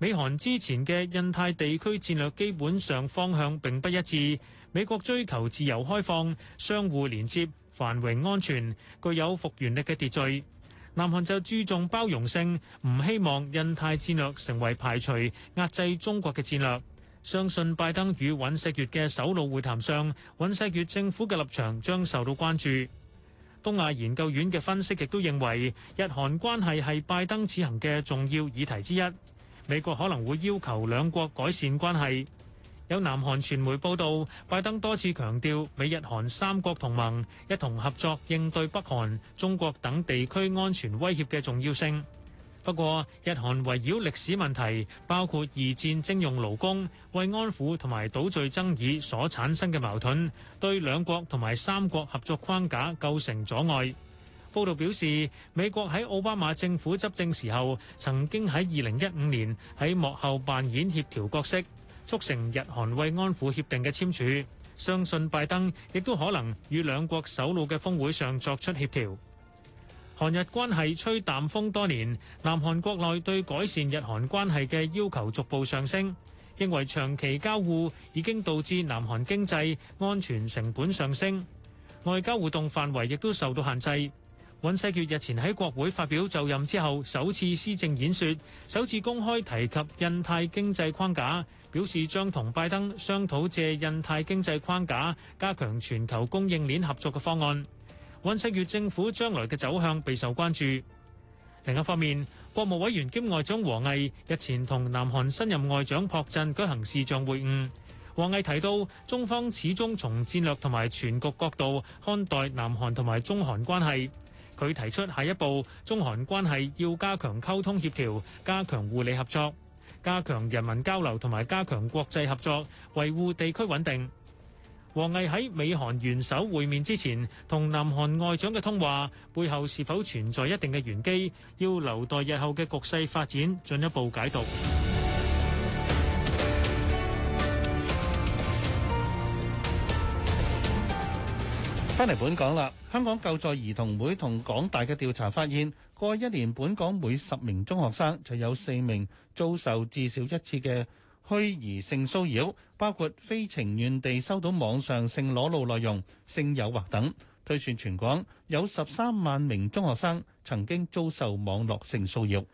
美韓之前嘅印太地區戰略基本上方向並不一致。美國追求自由開放、相互連接、繁榮安全、具有復原力嘅秩序。南韓就注重包容性，唔希望印太戰略成為排除壓制中國嘅戰略。相信拜登與尹錫悅嘅首腦會談上，尹錫悅政府嘅立場將受到關注。東亞研究院嘅分析亦都認為，日韓關係係拜登此行嘅重要議題之一，美國可能會要求兩國改善關係。有南韓傳媒報道，拜登多次強調美日韓三國同盟一同合作應對北韓、中國等地區安全威脅嘅重要性。不過，日韓圍繞歷史問題，包括二戰徵用勞工、慰安婦同埋島嶼爭議所產生嘅矛盾，對兩國同埋三國合作框架構成阻礙。報道表示，美國喺奧巴馬政府執政時候，曾經喺二零一五年喺幕後扮演協調角色，促成日韓慰安婦協定嘅簽署。相信拜登亦都可能與兩國首腦嘅峰會上作出協調。韓日關係吹淡風多年，南韓國內對改善日韓關係嘅要求逐步上升，認為長期交互已經導致南韓經濟安全成本上升，外交活動範圍亦都受到限制。尹錫悅日前喺國會發表就任之後首次施政演說，首次公開提及印太經濟框架，表示將同拜登商討借印太經濟框架加強全球供應鏈合作嘅方案。尹錫悅政府將來嘅走向備受關注。另一方面，國務委員兼外長王毅日前同南韓新任外長朴振舉行視像會晤。王毅提到，中方始終從戰略同埋全局角度看待南韓同埋中韓關係，佢提出下一步中韓關係要加強溝通協調，加強互利合作，加強人民交流同埋加強國際合作，維護地區穩定。王毅喺美韓元首會面之前同南韓外長嘅通話背後是否存在一定嘅玄機？要留待日後嘅局勢發展進一步解讀。翻嚟本港啦，香港救助兒童會同港大嘅調查發現，過去一年本港每十名中學生就有四名遭受至少一次嘅虛擬性騷擾。包括非情願地收到網上性裸露內容、性誘惑等，推算全港有十三萬名中學生曾經遭受網絡性騷擾。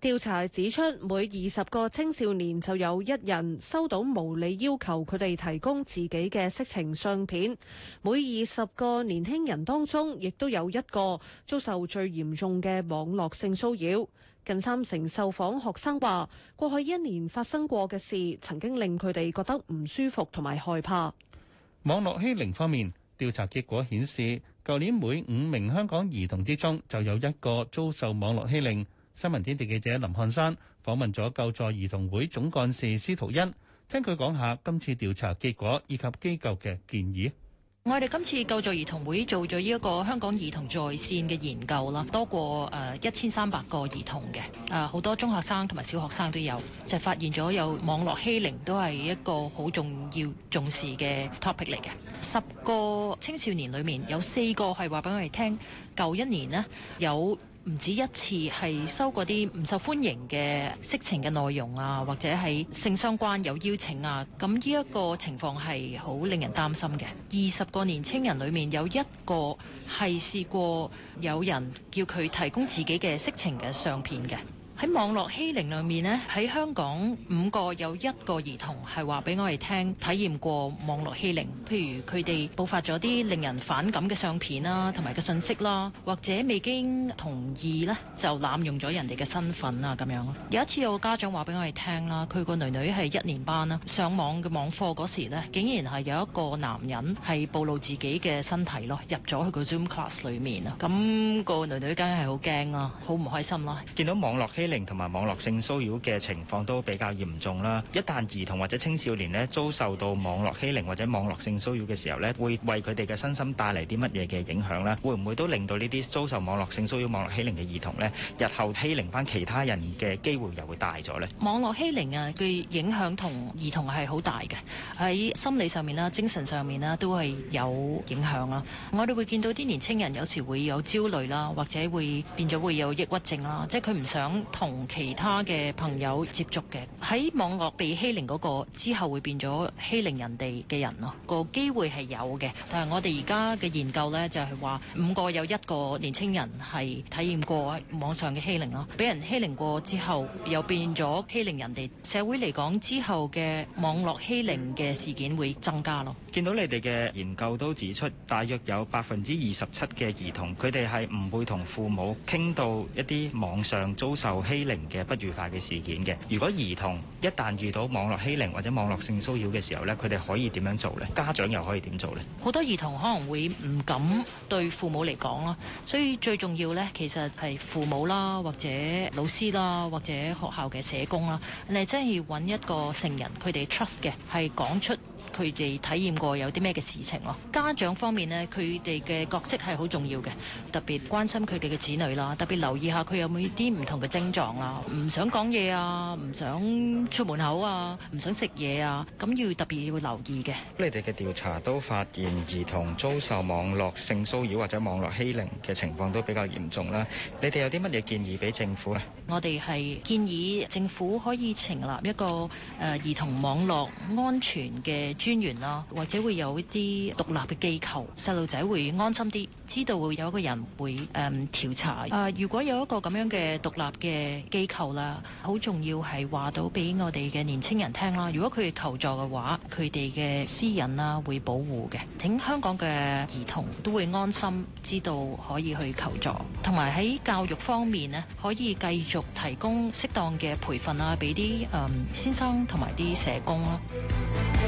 調查指出，每二十個青少年就有一人收到無理要求佢哋提供自己嘅色情相片；每二十個年輕人當中，亦都有一個遭受最嚴重嘅網絡性騷擾。近三成受訪學生話，過去一年發生過嘅事，曾經令佢哋覺得唔舒服同埋害怕。網絡欺凌方面，調查結果顯示，舊年每五名香港兒童之中就有一個遭受網絡欺凌。新聞天地記者林漢山訪問咗救助兒童會總幹事司徒恩，聽佢講下今次調查結果以及機構嘅建議。我哋今次救助兒童會做咗呢一個香港兒童在線嘅研究啦，多過誒一千三百個兒童嘅，誒好多中學生同埋小學生都有，就發現咗有網絡欺凌都係一個好重要重視嘅 topic 嚟嘅。十個青少年裏面有四個係話俾我哋聽，舊一年呢，有。唔止一次係收過啲唔受歡迎嘅色情嘅內容啊，或者係性相關有邀請啊，咁依呢一個情況係好令人擔心嘅。二十個年輕人裡面有一個係試過有人叫佢提供自己嘅色情嘅相片嘅。喺網絡欺凌裏面呢，喺香港五個有一個兒童係話俾我哋聽體驗過網絡欺凌，譬如佢哋佈發咗啲令人反感嘅相片啦，同埋嘅信息啦，或者未經同意呢就濫用咗人哋嘅身份啊咁樣咯。有一次有個家長話俾我哋聽啦，佢個女女係一年班啦，上網嘅網課嗰時呢，竟然係有一個男人係暴露自己嘅身體咯，入咗去個 Zoom class 裏面啊，咁個女女梗係好驚啦，好唔開心啦。見到網絡欺欺凌同埋網絡性騷擾嘅情況都比較嚴重啦。一旦兒童或者青少年呢遭受到網絡欺凌或者網絡性騷擾嘅時候呢，會為佢哋嘅身心帶嚟啲乜嘢嘅影響呢？會唔會都令到呢啲遭受網絡性騷擾、網絡欺凌嘅兒童呢，日後欺凌返其他人嘅機會又會大咗呢？網絡欺凌啊嘅影響同兒童係好大嘅，喺心理上面啦、精神上面啦都係有影響啦。我哋會見到啲年青人有時會有焦慮啦，或者會變咗會有抑鬱症啦，即係佢唔想同其他嘅朋友接觸嘅，喺網絡被欺凌嗰個，之後會變咗欺凌人哋嘅人咯。個機會係有嘅，但係我哋而家嘅研究咧就係話，五個有一個年青人係體驗過網上嘅欺凌咯，俾人欺凌過之後又變咗欺凌人哋。社會嚟講，之後嘅網絡欺凌嘅事件會增加咯。見到你哋嘅研究都指出，大約有百分之二十七嘅兒童，佢哋係唔會同父母傾到一啲網上遭受。欺凌嘅不愉快嘅事件嘅，如果兒童一旦遇到網絡欺凌或者網絡性騷擾嘅時候咧，佢哋可以點樣做咧？家長又可以點做咧？好多兒童可能會唔敢對父母嚟講啦，所以最重要咧，其實係父母啦，或者老師啦，或者學校嘅社工啦，你真係揾一個成人，佢哋 trust 嘅，係講出。佢哋體驗過有啲咩嘅事情咯？家長方面呢，佢哋嘅角色係好重要嘅，特別關心佢哋嘅子女啦，特別留意下佢有冇啲唔同嘅症狀啦，唔想講嘢啊，唔想出門口啊，唔想食嘢啊，咁要特別要留意嘅。你哋嘅調查都發現兒童遭受網絡性騷擾或者網絡欺凌嘅情況都比較嚴重啦。你哋有啲乜嘢建議俾政府呢？我哋係建議政府可以成立一個誒兒童網絡安全嘅。專員啦，或者會有一啲獨立嘅機構，細路仔會安心啲，知道會有一個人會誒、嗯、調查。誒、呃，如果有一個咁樣嘅獨立嘅機構啦，好重要係話到俾我哋嘅年青人聽啦。如果佢求助嘅話，佢哋嘅私隱啦會保護嘅，請香港嘅兒童都會安心，知道可以去求助，同埋喺教育方面呢，可以繼續提供適當嘅培訓啊，俾啲誒先生同埋啲社工咯。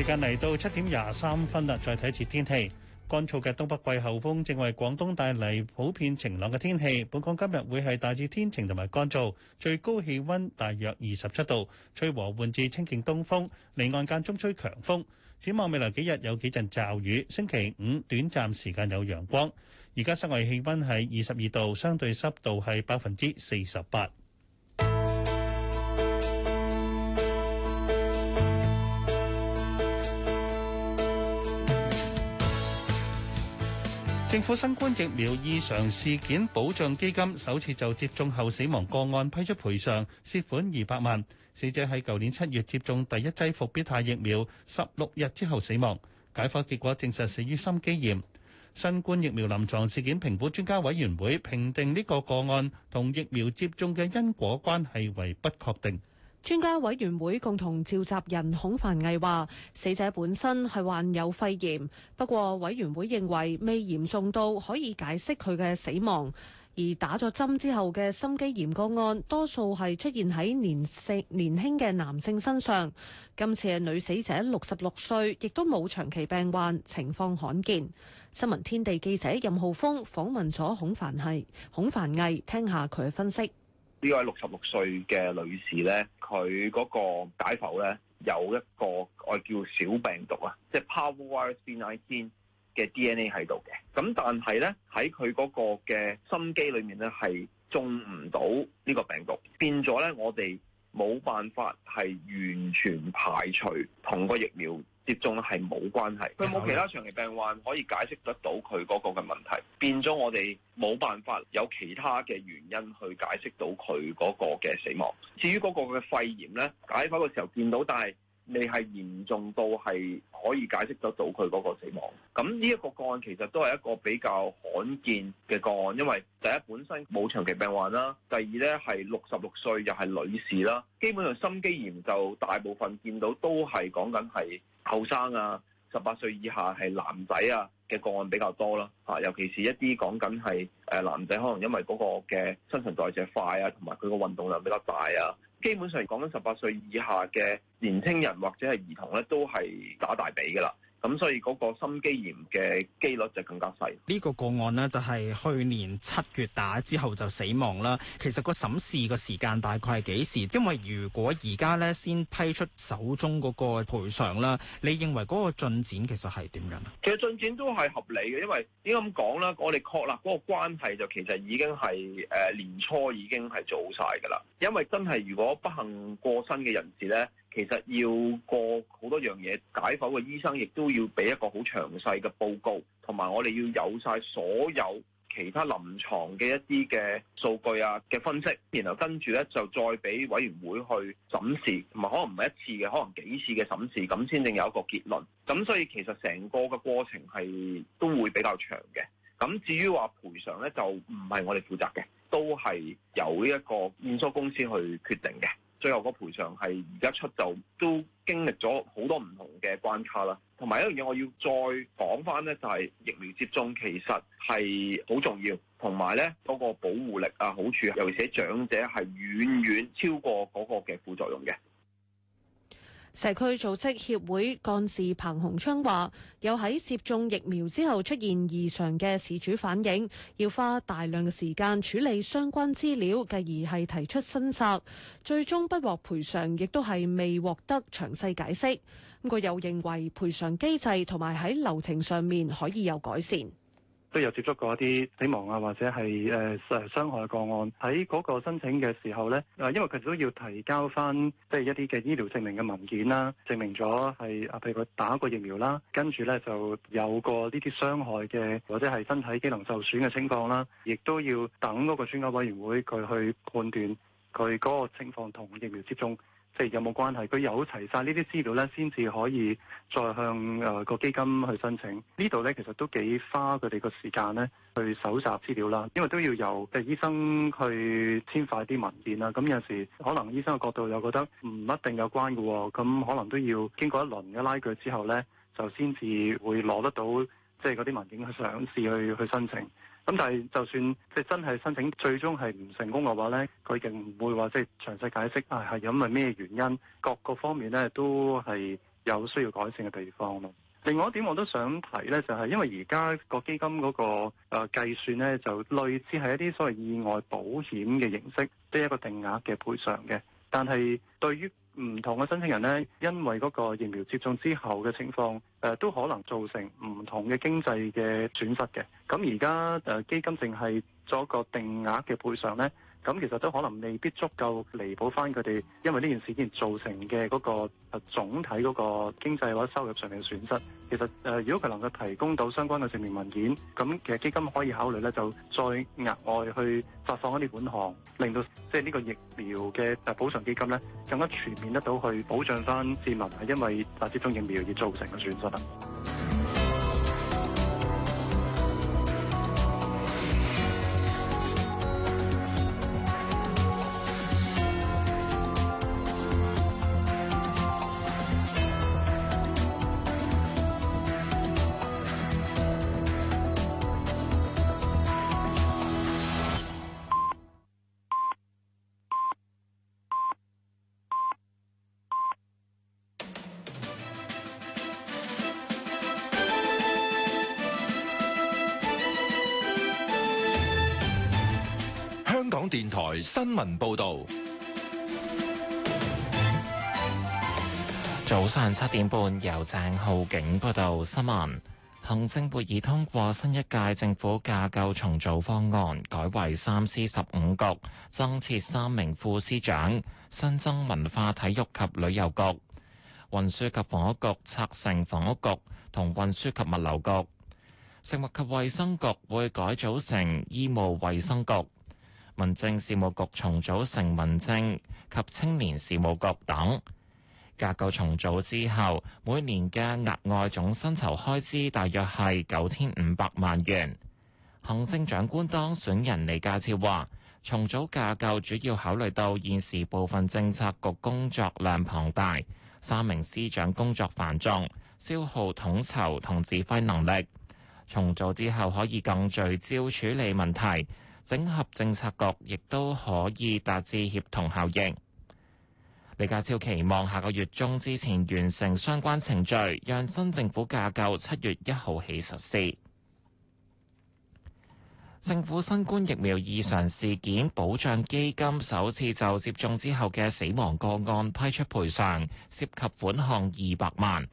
時間嚟到七點廿三分啦，再睇一次天氣。乾燥嘅東北季候風正為廣東帶嚟普遍晴朗嘅天氣。本港今日會係大致天晴同埋乾燥，最高氣溫大約二十七度，吹和緩至清勁東風，離岸間中吹強風。展望未來幾日有幾陣驟雨，星期五短暫時間有陽光。而家室外氣溫係二十二度，相對濕度係百分之四十八。政府新冠疫苗異常事件保障基金首次就接種後死亡個案批出賠償，涉款二百萬，死者喺舊年七月接種第一劑復必泰疫苗，十六日之後死亡。解剖結果證實死於心肌炎。新冠疫苗臨床事件評估專家委員會評定呢個個案同疫苗接種嘅因果關係為不確定。專家委員會共同召集人孔繁毅話：死者本身係患有肺炎，不過委員會認為未嚴重到可以解釋佢嘅死亡。而打咗針之後嘅心肌炎個案，多數係出現喺年性年輕嘅男性身上。今次嘅女死者六十六歲，亦都冇長期病患，情況罕見。新聞天地記者任浩峰訪問咗孔繁毅，孔繁毅聽下佢嘅分析。呢位六十六歲嘅女士咧，佢嗰個解剖咧有一個我叫小病毒啊。 即係 Parvovirus B19 嘅 DNA 喺度嘅，咁但係咧喺佢嗰個嘅心肌裏面咧係種唔到呢個病毒，變咗咧我哋冇辦法係完全排除同個疫苗。接種係冇關係，佢冇其他長期病患可以解釋得到佢嗰個嘅問題， 變咗我哋冇辦法有其他嘅原因去解釋到佢嗰個嘅死亡。至於嗰個嘅肺炎呢，解剖嘅時候見到，但係未係嚴重到係可以解釋得到佢嗰個死亡。咁呢一個個案其實都係一個比較罕見嘅個案，因為第一本身冇長期病患啦，第二呢係六十六歲又係女士啦，基本上心肌炎就大部分見到都係講緊係，後生啊，十八歲以下係男仔啊嘅個案比較多啦，啊，尤其是一啲講緊係誒男仔，可能因為嗰個嘅新陳代謝快啊，同埋佢個運動量比較大啊，基本上講緊十八歲以下嘅年輕人或者係兒童咧，都係打大髀㗎喇。咁所以嗰個心肌炎嘅機率就更加細。呢個個案呢，就係、是、去年七月打之後就死亡啦。其實個審視嘅時間大概係幾時？因為如果而家咧先批出手中嗰個賠償啦，你認為嗰個進展其實係點樣？其實進展都係合理嘅，因為點解咁講啦，我哋確立嗰個關係就其實已經係誒、呃、年初已經係做好晒㗎啦。因為真係如果不幸過身嘅人士咧，其實要過好多樣嘢，解剖嘅醫生，亦都要俾一個好詳細嘅報告，同埋我哋要有晒所有其他臨床嘅一啲嘅數據啊嘅分析，然後跟住咧就再俾委員會去審視，同埋可能唔係一次嘅，可能幾次嘅審視，咁先正有一個結論。咁所以其實成個嘅過程係都會比較長嘅。咁至於話賠償咧，就唔係我哋負責嘅，都係由呢一個驗收公司去決定嘅。最後個賠償係而家出就都經歷咗好多唔同嘅關卡啦，同埋一樣嘢我要再講翻呢，就係疫苗接種其實係好重要，同埋呢嗰個保護力啊好處啊，尤其是長者係遠遠超過嗰個嘅副作用嘅。社區組織協會幹事彭洪昌話：有喺接種疫苗之後出現異常嘅事主反映，要花大量嘅時間處理相關資料，繼而係提出申索。最終不獲賠償，亦都係未獲得詳細解釋。咁佢又認為賠償機制同埋喺流程上面可以有改善。都有接觸過一啲死亡啊，或者係誒誒傷害個案。喺嗰個申請嘅時候呢，啊，因為佢都要提交翻即係一啲嘅醫療證明嘅文件啦，證明咗係啊，譬如佢打過疫苗啦，跟住呢，就有過呢啲傷害嘅，或者係身體機能受損嘅情況啦，亦都要等嗰個專家委員會佢去判斷佢嗰個情況同疫苗接種，即係有冇關係？佢有齊晒呢啲資料呢，先至可以再向誒個基金去申請。呢度呢，其實都幾花佢哋個時間呢去搜集資料啦，因為都要由誒醫生去簽發啲文件啦。咁有時可能醫生嘅角度又覺得唔一定有關嘅喎，咁可能都要經過一輪嘅拉鋸之後呢，就先至會攞得到即係嗰啲文件去上市去去申請。咁但係，就算即係真係申請最終係唔成功嘅話呢，佢亦唔會話即係詳細解釋啊，係因為咩原因，各個方面呢都係有需要改善嘅地方咯。另外一點我都想提呢，就係因為而家個基金嗰個誒計算呢，就類似係一啲所謂意外保險嘅形式，即係一個定額嘅賠償嘅。但係對於唔同嘅申請人咧，因為嗰個疫苗接種之後嘅情況，誒、呃、都可能造成唔同嘅經濟嘅損失嘅。咁而家誒基金淨係做一個定額嘅賠償咧。咁其實都可能未必足夠彌補翻佢哋，因為呢件事件造成嘅嗰個誒總體嗰個經濟或者收入上面嘅損失。其實誒，如果佢能夠提供到相關嘅證明文件，咁其實基金可以考慮咧，就再額外去發放一啲款項，令到即係呢個疫苗嘅誒補償基金咧，更加全面得到去保障翻市民係因為打接種疫苗而造成嘅損失啦。新聞報道，早上七點半由鄭浩景報道新聞。行政會議通過新一屆政府架構重組方案，改為三司十五局，增設三名副司長，新增文化體育及旅遊局、運輸及房屋局拆成房屋局同運輸及物流局，食物及衛生局會改組成醫務衛生局。民政事務局重組成民政及青年事務局等架構重組之後，每年嘅額外總薪酬開支大約係九千五百萬元。行政長官當選人李家超話，重組架構主要考慮到現時部分政策局工作量龐大，三名司長工作繁重，消耗統籌同指揮能力。重組之後可以更聚焦處理問題。整合政策局亦都可以達至協同效應。李家超期望下個月中之前完成相關程序，讓新政府架構七月一號起實施。政府新冠疫苗異常事件保障基金首次就接種之後嘅死亡個案批出賠償，涉及款項二百萬。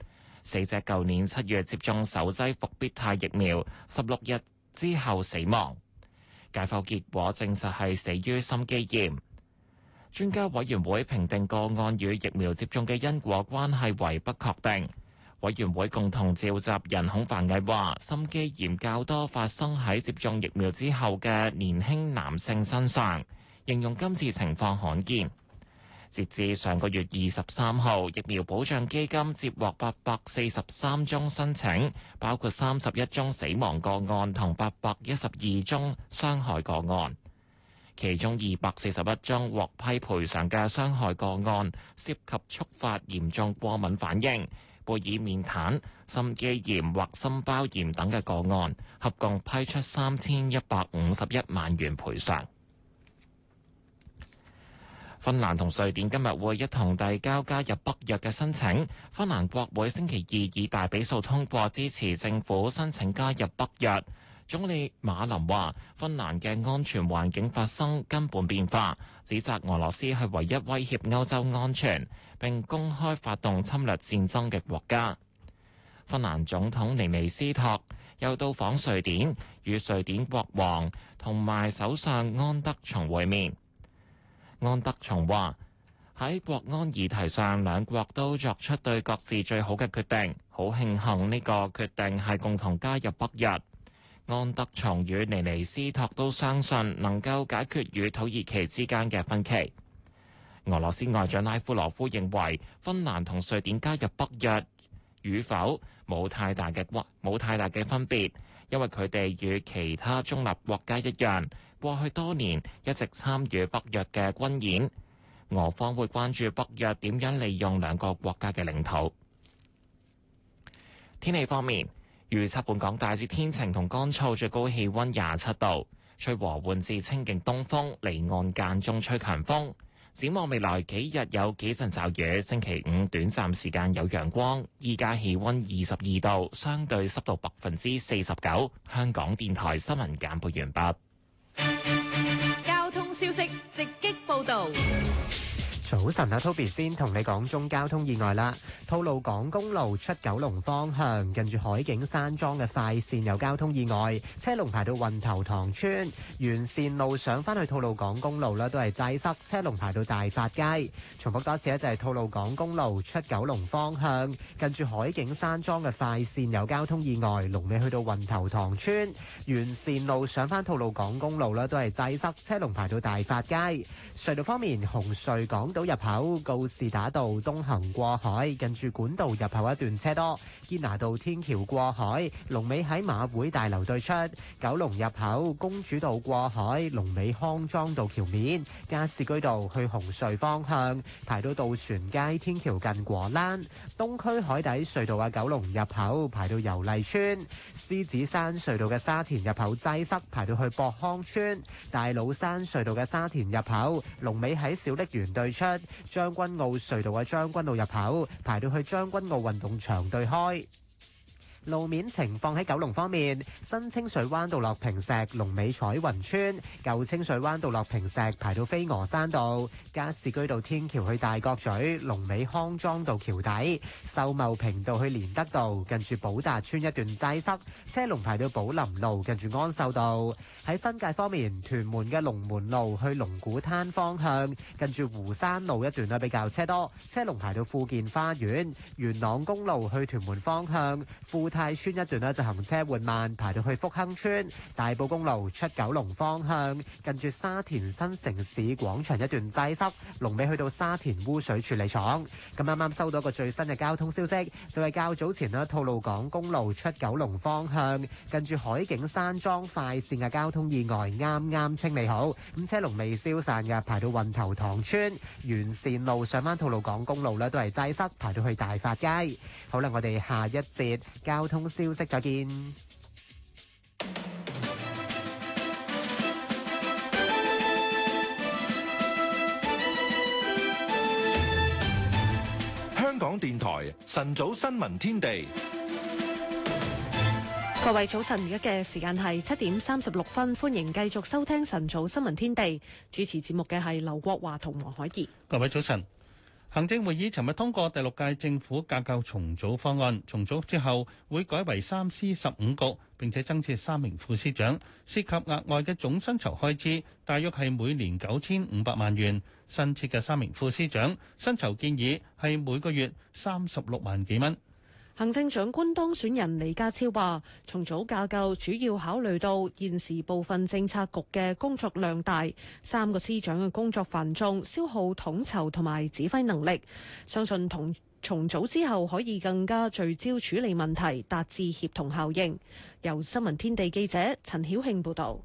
死者舊年七月接種首劑復必泰疫苗，十六日之後死亡。解剖結果證實係死於心肌炎。專家委員會評定個案與疫苗接種嘅因果關係為不確定。委員會共同召集人孔凡毅話，心肌炎較多發生喺接種疫苗之後嘅年輕男性身上，形容今次情況罕見。截至上個月二十三號，疫苗保障基金接獲八百四十三宗申請，包括三十一宗死亡個案同八百一十二宗傷害個案。其中二百四十一宗獲批賠償嘅傷害個案，涉及觸發嚴重過敏反應、貝爾面癱、心肌炎或心包炎等嘅個案，合共批出三千一百五十一萬元賠償。芬蘭同瑞典今日會一同遞交加入北約嘅申請。芬蘭國會星期二以大比數通過支持政府申請加入北約。總理馬林話：芬蘭嘅安全環境發生根本變化，指責俄羅斯係唯一威脅歐洲安全並公開發動侵略戰爭嘅國家。芬蘭總統尼尼斯托又到訪瑞典，與瑞典國王同埋首相安德松會面。安德松話喺國安議題上，兩國都作出對各自最好嘅決定。好慶幸呢個決定係共同加入北約。安德松與尼尼斯托都相信能夠解決與土耳其之間嘅分歧。俄羅斯外長拉夫羅夫認為芬蘭同瑞典加入北約與否冇太大嘅冇太大嘅分別，因為佢哋與其他中立國家一樣。過去多年一直參與北約嘅軍演，俄方會關注北約點樣利用兩個國家嘅領土。天氣方面，預測本港大致天晴同乾燥，最高氣溫廿七度，吹和緩至清勁東風，離岸間中吹強風。展望未來幾日有幾陣驟雨，星期五短暫時間有陽光。依家氣溫二十二度，相對濕度百分之四十九。香港電台新聞簡報完畢。交通消息，直擊報道。早晨啊，Toby 先同你講中交通意外啦。吐露港公路出九龍方向，近住海景山莊嘅快綫有交通意外，車龍排到運頭塘村，沿綫路上翻去吐露港公路咧都係擠塞，車龍排到大發街。重複多次啊，就係吐露港公路出九龍方向，近住海景山莊嘅快綫有交通意外，龍尾去到運頭塘村，沿綫路上翻吐露港公路咧都係擠塞，車龍排到大發街。隧道方面，紅隧港島入口告士打道東行過海，近住管道入口一段車多；堅拿道天橋過海，龍尾喺馬會大樓對出；九龍入口公主道過海，龍尾康莊道橋面；加士居道去紅隧方向排到渡船街天橋近果欄；東區海底隧道嘅九龍入口排到油麗村；獅子山隧道嘅沙田入口擠塞，排到去博康村；大老山隧道嘅沙田入口龍尾喺小瀝源對出。將軍澳隧道嘅將軍澳入口排到去將軍澳運動場對開。路面情況喺九龍方面，新清水灣道落平石，龍尾彩雲村；舊清水灣道落平石，排到飛鵝山道；加士居道天橋去大角咀，龍尾康莊道橋底；秀茂坪道去連德道，近住寶達邨一段擠塞，車龍排到寶林路，近住安秀道。喺新界方面，屯門嘅龍門路去龍鼓灘方向，近住湖山路一段都比較車多，車龍排到富健花園；元朗公路去屯門方向，富泰村一段咧就行車緩慢，排到去福亨村大埔公路出九龍方向，近住沙田新城市廣場一段擠塞，龍尾去到沙田污水處理廠。咁啱啱收到一個最新嘅交通消息，就係較早前咧吐露港公路出九龍方向，近住海景山莊快線嘅交通意外啱啱清理好，咁車龍未消散嘅，排到運頭塘村，沿線路上返吐露港公路咧都係擠塞，排到去大發街。好啦，我哋下一節交。通消息，再見。香港電台晨早新聞天地，各位早晨，而家嘅時間係七點三十六分，歡迎繼續收聽晨早新聞天地。主持節目嘅係劉國華同黃海怡。各位早晨。行政會議尋日通過第六屆政府架構重組方案，重組之後會改為三司十五局，並且增設三名副司長，涉及額外嘅總薪酬開支大約係每年九千五百萬元。新設嘅三名副司長薪酬建議係每個月三十六萬幾蚊。行政長官當選人李家超話：重組架構主要考慮到現時部分政策局嘅工作量大，三個司長嘅工作繁重，消耗統籌同埋指揮能力。相信同重組之後可以更加聚焦處理問題，達至協同效應。由新聞天地記者陳曉慶報導。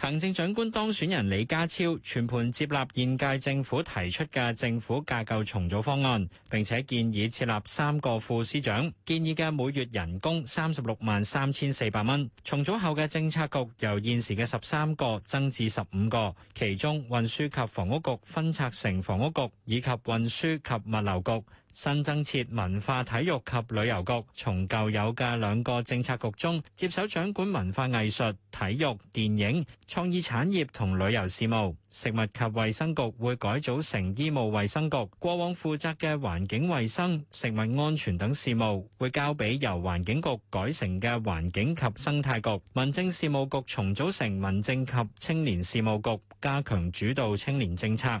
行政長官當選人李家超全盤接納現屆政府提出嘅政府架構重組方案，並且建議設立三個副司長，建議嘅每月人工三十六萬三千四百蚊。重組後嘅政策局由現時嘅十三個增至十五個，其中運輸及房屋局分拆成房屋局，以及運輸及物流局。新增設文化體育及旅遊局，從舊有嘅兩個政策局中接手掌管文化藝術、體育、電影、創意產業同旅遊事務；食物及衛生局會改組成醫務衛生局，過往負責嘅環境衛生、食物安全等事務會交俾由環境局改成嘅環境及生態局；民政事務局重組成民政及青年事務局，加強主導青年政策。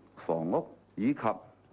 房屋以及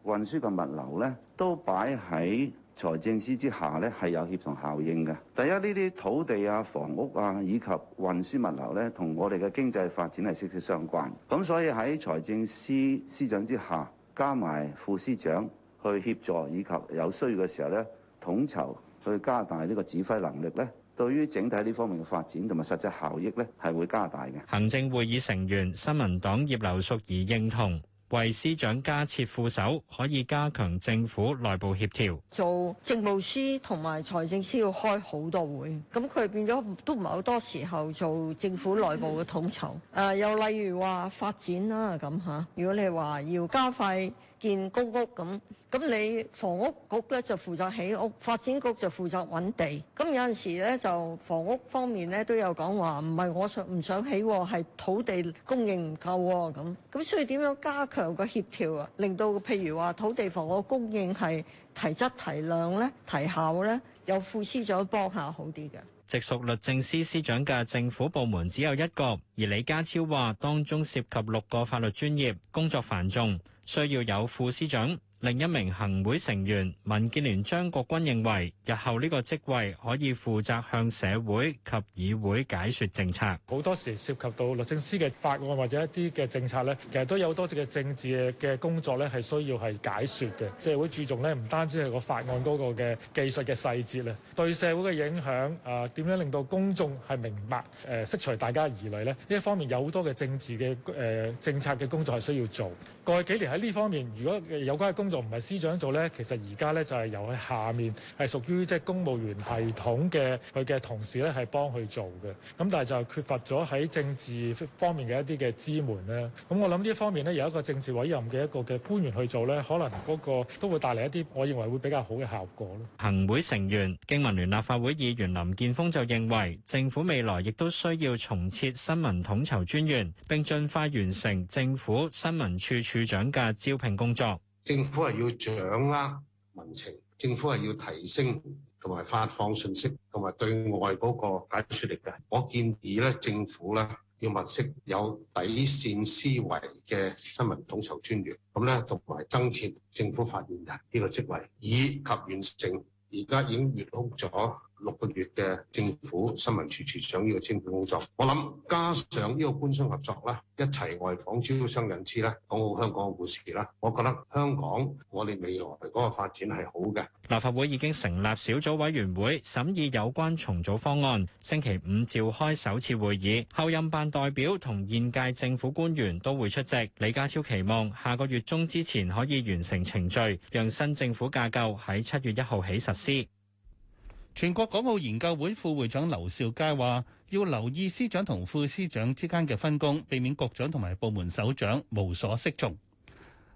運輸嘅物流呢，都擺喺財政司之下呢，係有協同效應嘅。第一，呢啲土地啊、房屋啊以及運輸物流呢，同我哋嘅經濟發展係息息相關。咁所以喺財政司司長之下，加埋副司長去協助，以及有需要嘅時候呢，統籌去加大呢個指揮能力呢，對於整體呢方面嘅發展同埋實際效益呢，係會加大嘅。行政會議成員，新民黨葉劉淑儀認同。為司長加設副手，可以加強政府內部協調。做政務司同埋財政司要開好多會，咁佢變咗都唔係好多時候做政府內部嘅統籌。誒、呃，又例如話發展啦，咁吓，如果你話要加快。建公屋咁咁，你房屋局咧就負責起屋，發展局就負責揾地。咁有陣時咧就房屋方面咧都有講話，唔係我想唔想起，係土地供應唔夠咁咁，所以點樣加強個協調啊，令到譬如話土地房屋供應係提質提量咧，提效咧，有副司長幫下好啲嘅。直屬律政司司長嘅政府部門只有一個，而李家超話，當中涉及六個法律專業，工作繁重。需要有副司長，另一名行會成員民建聯張國軍認為日後呢個職位可以負責向社會及議會解說政策。好多時涉及到律政司嘅法案或者一啲嘅政策咧，其實都有好多嘅政治嘅工作咧，係需要係解說嘅。即係會注重咧，唔單止係個法案嗰個嘅技術嘅細節咧，對社會嘅影響啊，點樣令到公眾係明白誒釋除大家疑慮咧？呢一方面有好多嘅政治嘅誒政策嘅工作係需要做。過去幾年喺呢方面，如果有關嘅工作唔係司長做呢，其實而家呢就係由佢下面係屬於即係公務員系統嘅佢嘅同事咧，係幫佢做嘅。咁但係就缺乏咗喺政治方面嘅一啲嘅支援咧。咁我諗呢一方面呢，有一個政治委任嘅一個嘅官員去做呢，可能嗰個都會帶嚟一啲，我認為會比較好嘅效果咯。行會成員、經民聯立法會議員林健鋒就認為，政府未來亦都需要重設新聞統籌專員，並盡快完成政府新聞處處署長嘅招聘工作，政府係要掌握民情，政府係要提升同埋發放信息，同埋對外嗰個解說力嘅。我建議咧，政府咧要物色有底線思維嘅新聞統籌專員，咁咧同埋增設政府發言人呢個職位，以及完成而家已經懸空咗六個月嘅政府新聞處處長呢個宣傳工作，我諗加上呢個官商合作啦，一齊外訪招商引資啦，講好香港嘅故事啦，我覺得香港我哋未來嗰個發展係好嘅。立法會已經成立小組委員會審議有關重組方案，星期五召開首次會議，候任辦代表同現屆政府官員都會出席。李家超期望下個月中之前可以完成程序，讓新政府架構喺七月一號起實施。全國港澳研究會副會長劉兆佳話，要留意司長同副司長之間嘅分工，避免局長同埋部門首長無所適從。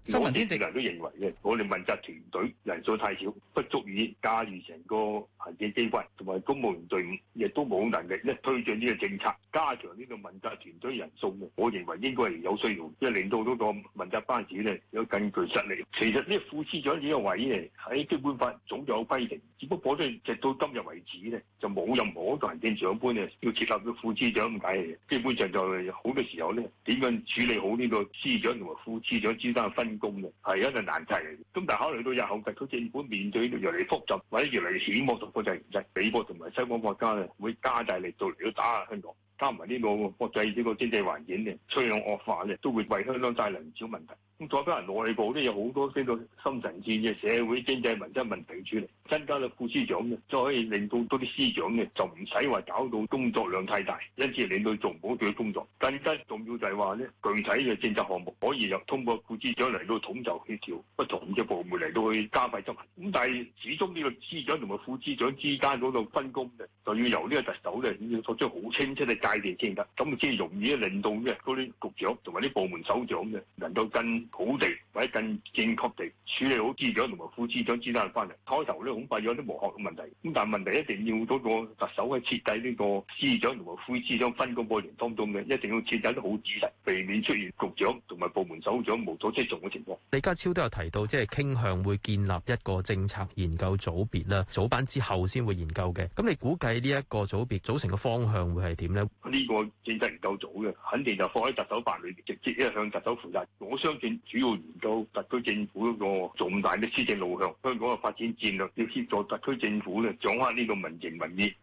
新聞啲人士都認為嘅，我哋問責團隊人數太少，不足以駕馭成個行政機關，同埋公務員隊伍亦都冇能力咧推進呢個政策。加強呢個問責團隊人數，我認為應該係有需要，即係令到嗰個問責班子咧有更具實力。其實呢副司長呢個位咧喺基本法總有規定，只不過我哋直到今日為止咧就冇任何一個行政長官咧要設立個副司長咁解。基本上就係好多時候咧，點樣處理好呢個司長同埋副司長之間嘅分供嘅係一個難題嚟嘅。咁但係考慮到日後特區政府面對越嚟越複雜或者越嚟越險惡嘅國際形勢，美國同埋西方國家咧會加大力度嚟到打下香港。加埋呢個國際呢個經濟環境嘅趨向惡化咧，都會為香港帶來唔少問題。咁再加上內部都有好多呢個深層次嘅社會經濟民生問題處理，增加咗副司長咧，就可以令到多啲司長咧就唔使話搞到工作量太大，因此令到做唔好啲工作。更加重要就係話呢具體嘅政策項目可以由通過副司長嚟到統籌協調，不同嘅部門嚟到去加快執行。咁但係始終呢個司長同埋副司長之間嗰個分工嘅，就要由呢個特首咧要作出好清晰嘅介。界定先得，咁即係容易令到嘅嗰啲局長同埋啲部門首長嘅能夠更好地或者更正確地處理好司長同埋副司長之間嘅關係。開頭咧，恐怕有啲磨合嘅問題，咁但係問題一定要嗰個特首喺設計呢個司長同埋副司長分工過程當中嘅，一定要設計得好仔實，避免出現局長同埋部門首長無所適從嘅情況。李家超都有提到，即係傾向會建立一個政策研究組別啦，組班之後先會研究嘅。咁你估計呢一個組別組成嘅方向會係點咧？呢個政策研究組嘅，肯定就放喺特首辦裏面，直接咧向特首負責。我相信主要研究特區政府嗰個重大嘅施政路向，香港嘅發展戰略，要協助特區政府咧掌握呢個民情民意。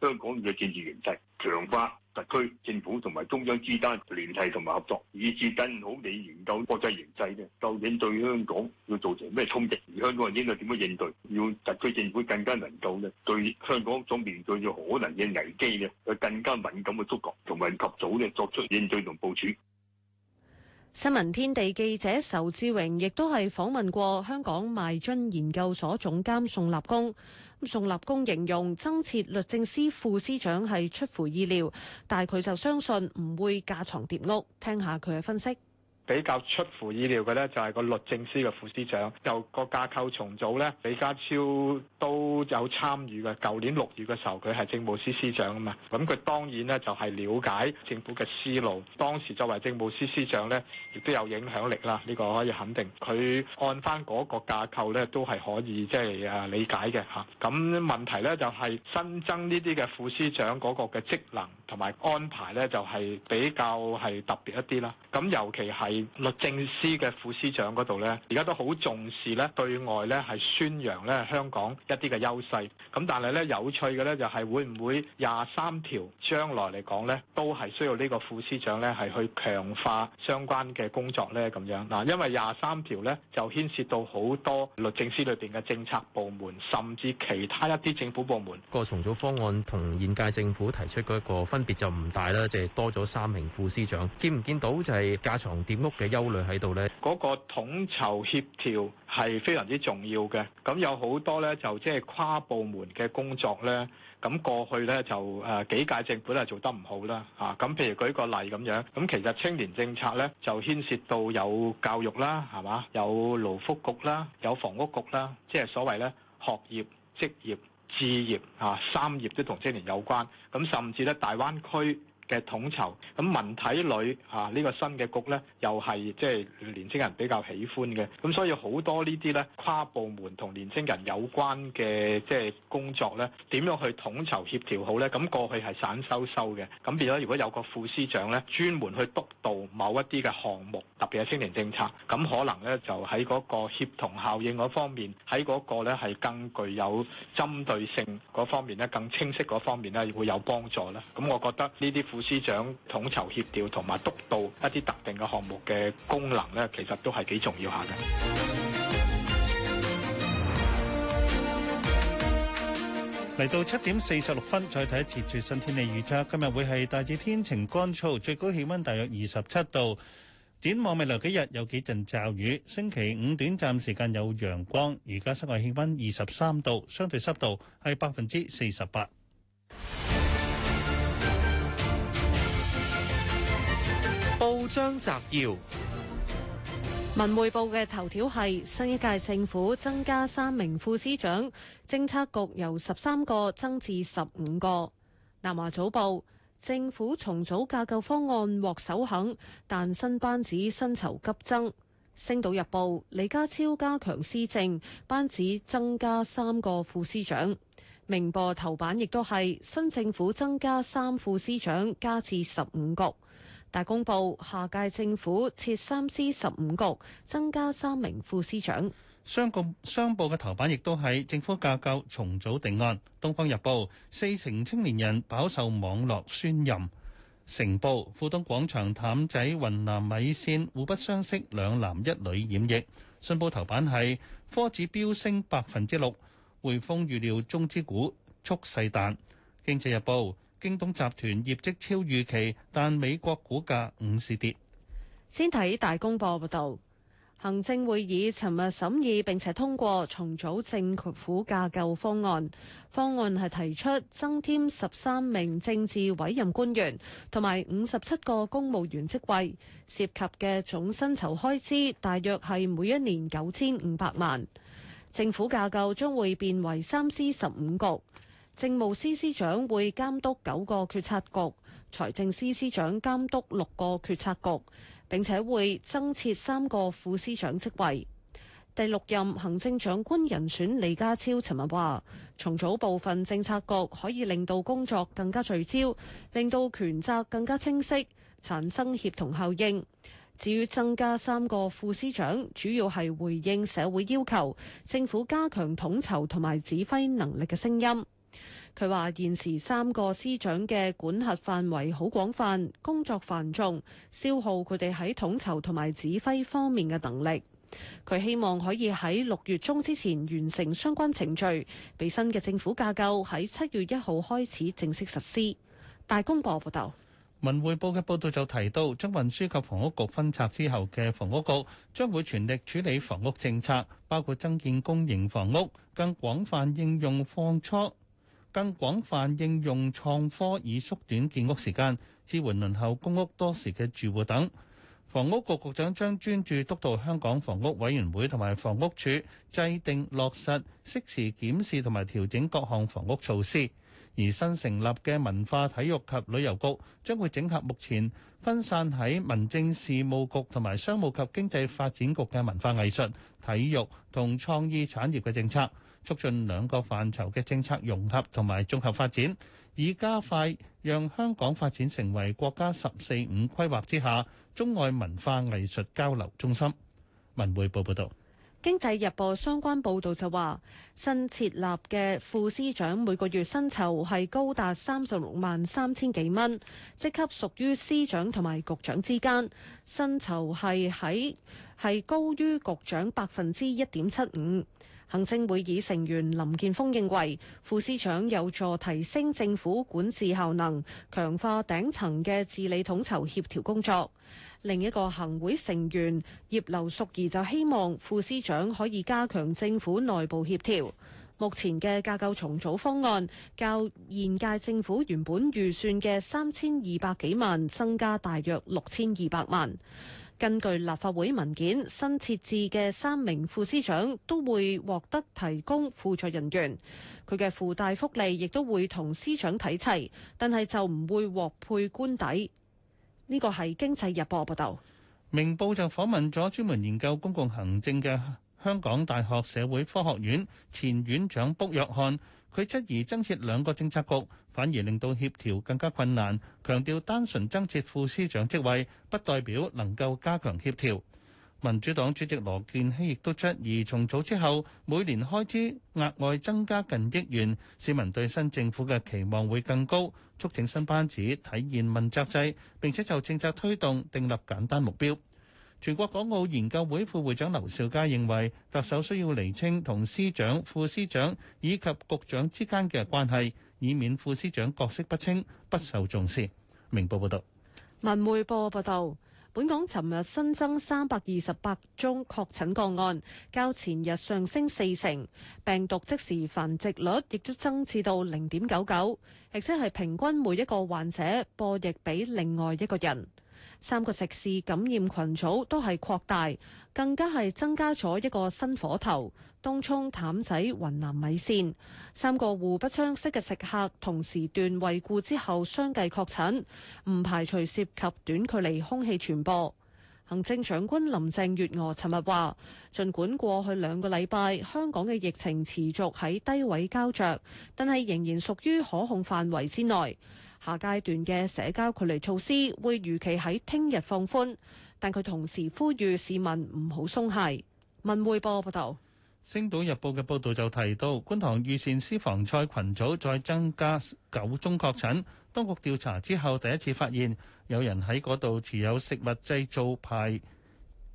香港嘅政治形勢，強化特區政府同埋中央之間聯繫同埋合作，以至更好地研究國際形勢，咧，究竟對香港要造成咩衝擊，而香港人應該點樣應對，要特區政府更加能夠咧，對香港所面對嘅可能嘅危機咧，更加敏感嘅觸覺，同埋及，及早咧作出應對同部署。新聞天地記者仇志榮亦都係訪問過香港邁進研究所總監宋立功。宋立功形容增設律政司副司長係出乎意料，但佢就相信唔會架床疊屋，聽下佢嘅分析。比較出乎意料嘅呢，就係個律政司嘅副司長，就個架構重組呢，李家超都有參與嘅。舊年六月嘅時候，佢係政務司司長啊嘛，咁佢當然呢，就係了解政府嘅思路。當時作為政務司司長呢，亦都有影響力啦，呢個可以肯定。佢按翻嗰個架構呢，都係可以即係誒理解嘅嚇。咁問題呢，就係新增呢啲嘅副司長嗰個嘅職能同埋安排呢，就係比較係特別一啲啦。咁尤其係。律政司嘅副司長嗰度咧，而家都好重視咧，對外咧係宣揚咧香港一啲嘅優勢。咁但係咧有趣嘅咧就係會唔會廿三條將來嚟講咧，都係需要呢個副司長咧係去強化相關嘅工作咧咁樣嗱，因為廿三條咧就牽涉到好多律政司裏邊嘅政策部門，甚至其他一啲政府部門。個重組方案同現屆政府提出嗰一個分別就唔大啦，即係多咗三名副司長，見唔見到就係架床疊屋嘅憂慮喺度呢，嗰個統籌協調係非常之重要嘅。咁有好多呢，就即係跨部門嘅工作呢。咁過去呢就誒幾屆政府係做得唔好啦。啊，咁譬如舉個例咁樣，咁其實青年政策呢就牽涉到有教育啦，係嘛，有勞福局啦，有房屋局啦，即係所謂呢學業、職業、置業啊三業都同青年有關。咁甚至呢，大灣區。嘅統籌，咁文體旅啊呢個新嘅局咧，又係即係年青人比較喜歡嘅，咁所以好多呢啲咧跨部門同年青人有關嘅即係工作咧，點樣去統籌協調好咧？咁過去係散修修嘅，咁變咗如果有個副司長咧，專門去督導某一啲嘅項目，特別係青年政策，咁可能咧就喺嗰個協同效應嗰方面，喺嗰個咧係更具有針對性嗰方面咧，更清晰嗰方面咧會有幫助啦。咁我覺得呢啲副司長統籌協調同埋督導一啲特定嘅項目嘅功能呢，其實都係幾重要下嘅。嚟到七點四十六分，再睇一次最新天氣預測。今日會係大致天晴乾燥，最高氣溫大約二十七度。展望未來幾日有幾陣驟雨，星期五短暫時間有陽光。而家室外氣溫二十三度，相對濕度係百分之四十八。張澤堯，耀文匯報嘅頭條係新一屆政府增加三名副司長，政策局由十三個增至十五個。南華早報，政府重組架構方案獲首肯，但新班子薪酬急增。星島日報，李家超加強施政，班子增加三個副司長。明報頭版亦都係新政府增加三副司長，加至十五局。大公報：下屆政府設三司十五局，增加三名副司長。商報，商報嘅頭版亦都係政府架構重組定案。《東方日報》，四成青年人飽受網絡宣淫。《成報》，富東廣場淡仔雲南米線互不相識，兩男一女染疫。《信報》頭版係科指飆升百分之六，匯豐預料中資股趨勢淡。彈《經濟日報》京東集團業績超預期，但美國股價五時跌。先睇大公報報道，行政會議尋日審議並且通過重組政府架構方案。方案係提出增添十三名政治委任官員，同埋五十七個公務員職位，涉及嘅總薪酬開支大約係每一年九千五百萬。政府架構將會變為三司十五局。政務司司長會監督九個決策局，財政司司長監督六個決策局，並且會增設三個副司長職位。第六任行政長官人選李家超尋日話，重組部分政策局可以令到工作更加聚焦，令到權責更加清晰，產生協同效應。至於增加三個副司長，主要係回應社會要求，政府加強統籌同埋指揮能力嘅聲音。佢話：現時三個司長嘅管轄範圍好廣泛，工作繁重，消耗佢哋喺統籌同埋指揮方面嘅能力。佢希望可以喺六月中之前完成相關程序，俾新嘅政府架構喺七月一號開始正式實施。大公報報道，《文匯報》嘅報道就提到，將運輸及房屋局分拆之後嘅房屋局將會全力處理房屋政策，包括增建公營房屋，更廣泛應用放出。更廣泛應用創科以縮短建屋時間，支援輪候公屋多時嘅住戶等。房屋局局長將專注督導香港房屋委員會同埋房屋署制定落實適時檢視同埋調整各項房屋措施，而新成立嘅文化體育及旅遊局將會整合目前分散喺民政事務局同埋商務及經濟發展局嘅文化藝術、體育同創意產業嘅政策，促進兩個範疇嘅政策融合同埋綜合發展，以加快讓香港發展成為國家十四五規劃之下中外文化藝術交流中心。文匯報報道。《經濟日報》相關報導就話，新設立嘅副司長每個月薪酬係高達三十六萬三千幾蚊，職級屬於司長同埋局長之間，薪酬係喺係高於局長百分之一點七五。行政會議成員林健鋒認為，副司長有助提升政府管治效能，強化頂層嘅治理統籌協調工作。另一個行會成員葉劉淑儀就希望副司長可以加強政府內部協調。目前嘅架構重組方案，較現屆政府原本預算嘅三千二百幾萬增加大約六千二百萬。根據立法會文件，新設置嘅三名副司長都會獲得提供輔助人員，佢嘅附帶福利亦都會同司長睇齊，但係就唔會獲配官邸。呢個係經濟日報報道。明報就訪問咗專門研究公共行政嘅香港大學社會科學院前院長卜約翰。佢質疑增設兩個政策局，反而令到協調更加困難。強調單純增設副司長職位，不代表能夠加強協調。民主黨主席羅健熙亦都質疑，重組之後每年開支額外增加近億元，市民對新政府嘅期望會更高，促請新班子體現問責制，並且就政策推動訂立簡單目標。全國港澳研究會副會長劉兆佳認為，特首需要釐清同司長、副司長以及局長之間嘅關係，以免副司長角色不清，不受重視。明報報道。文匯報報道，本港尋日新增三百二十八宗確診個案，較前日上升四成，病毒即時繁殖率亦都增至到零點九九，亦即係平均每一個患者播疫俾另外一個人。三個食肆感染群組都係擴大，更加係增加咗一個新火頭：東涌、譚仔雲南米線。三個互不相識嘅食客同時段光顧之後相繼確診，相繼確診，唔排除涉及短距離空氣傳播。行政長官林鄭月娥尋日話，儘管過去兩個禮拜香港嘅疫情持續喺低位膠着，但係仍然屬於可控範圍之內。下階段嘅社交距離措施會如期喺聽日放寬，但佢同時呼籲市民唔好鬆懈。文匯報報道，《星島日報》嘅報導就提到，觀塘裕善私房菜群組再增加九宗確診，當局調查之後第一次發現有人喺嗰度持有食物製造牌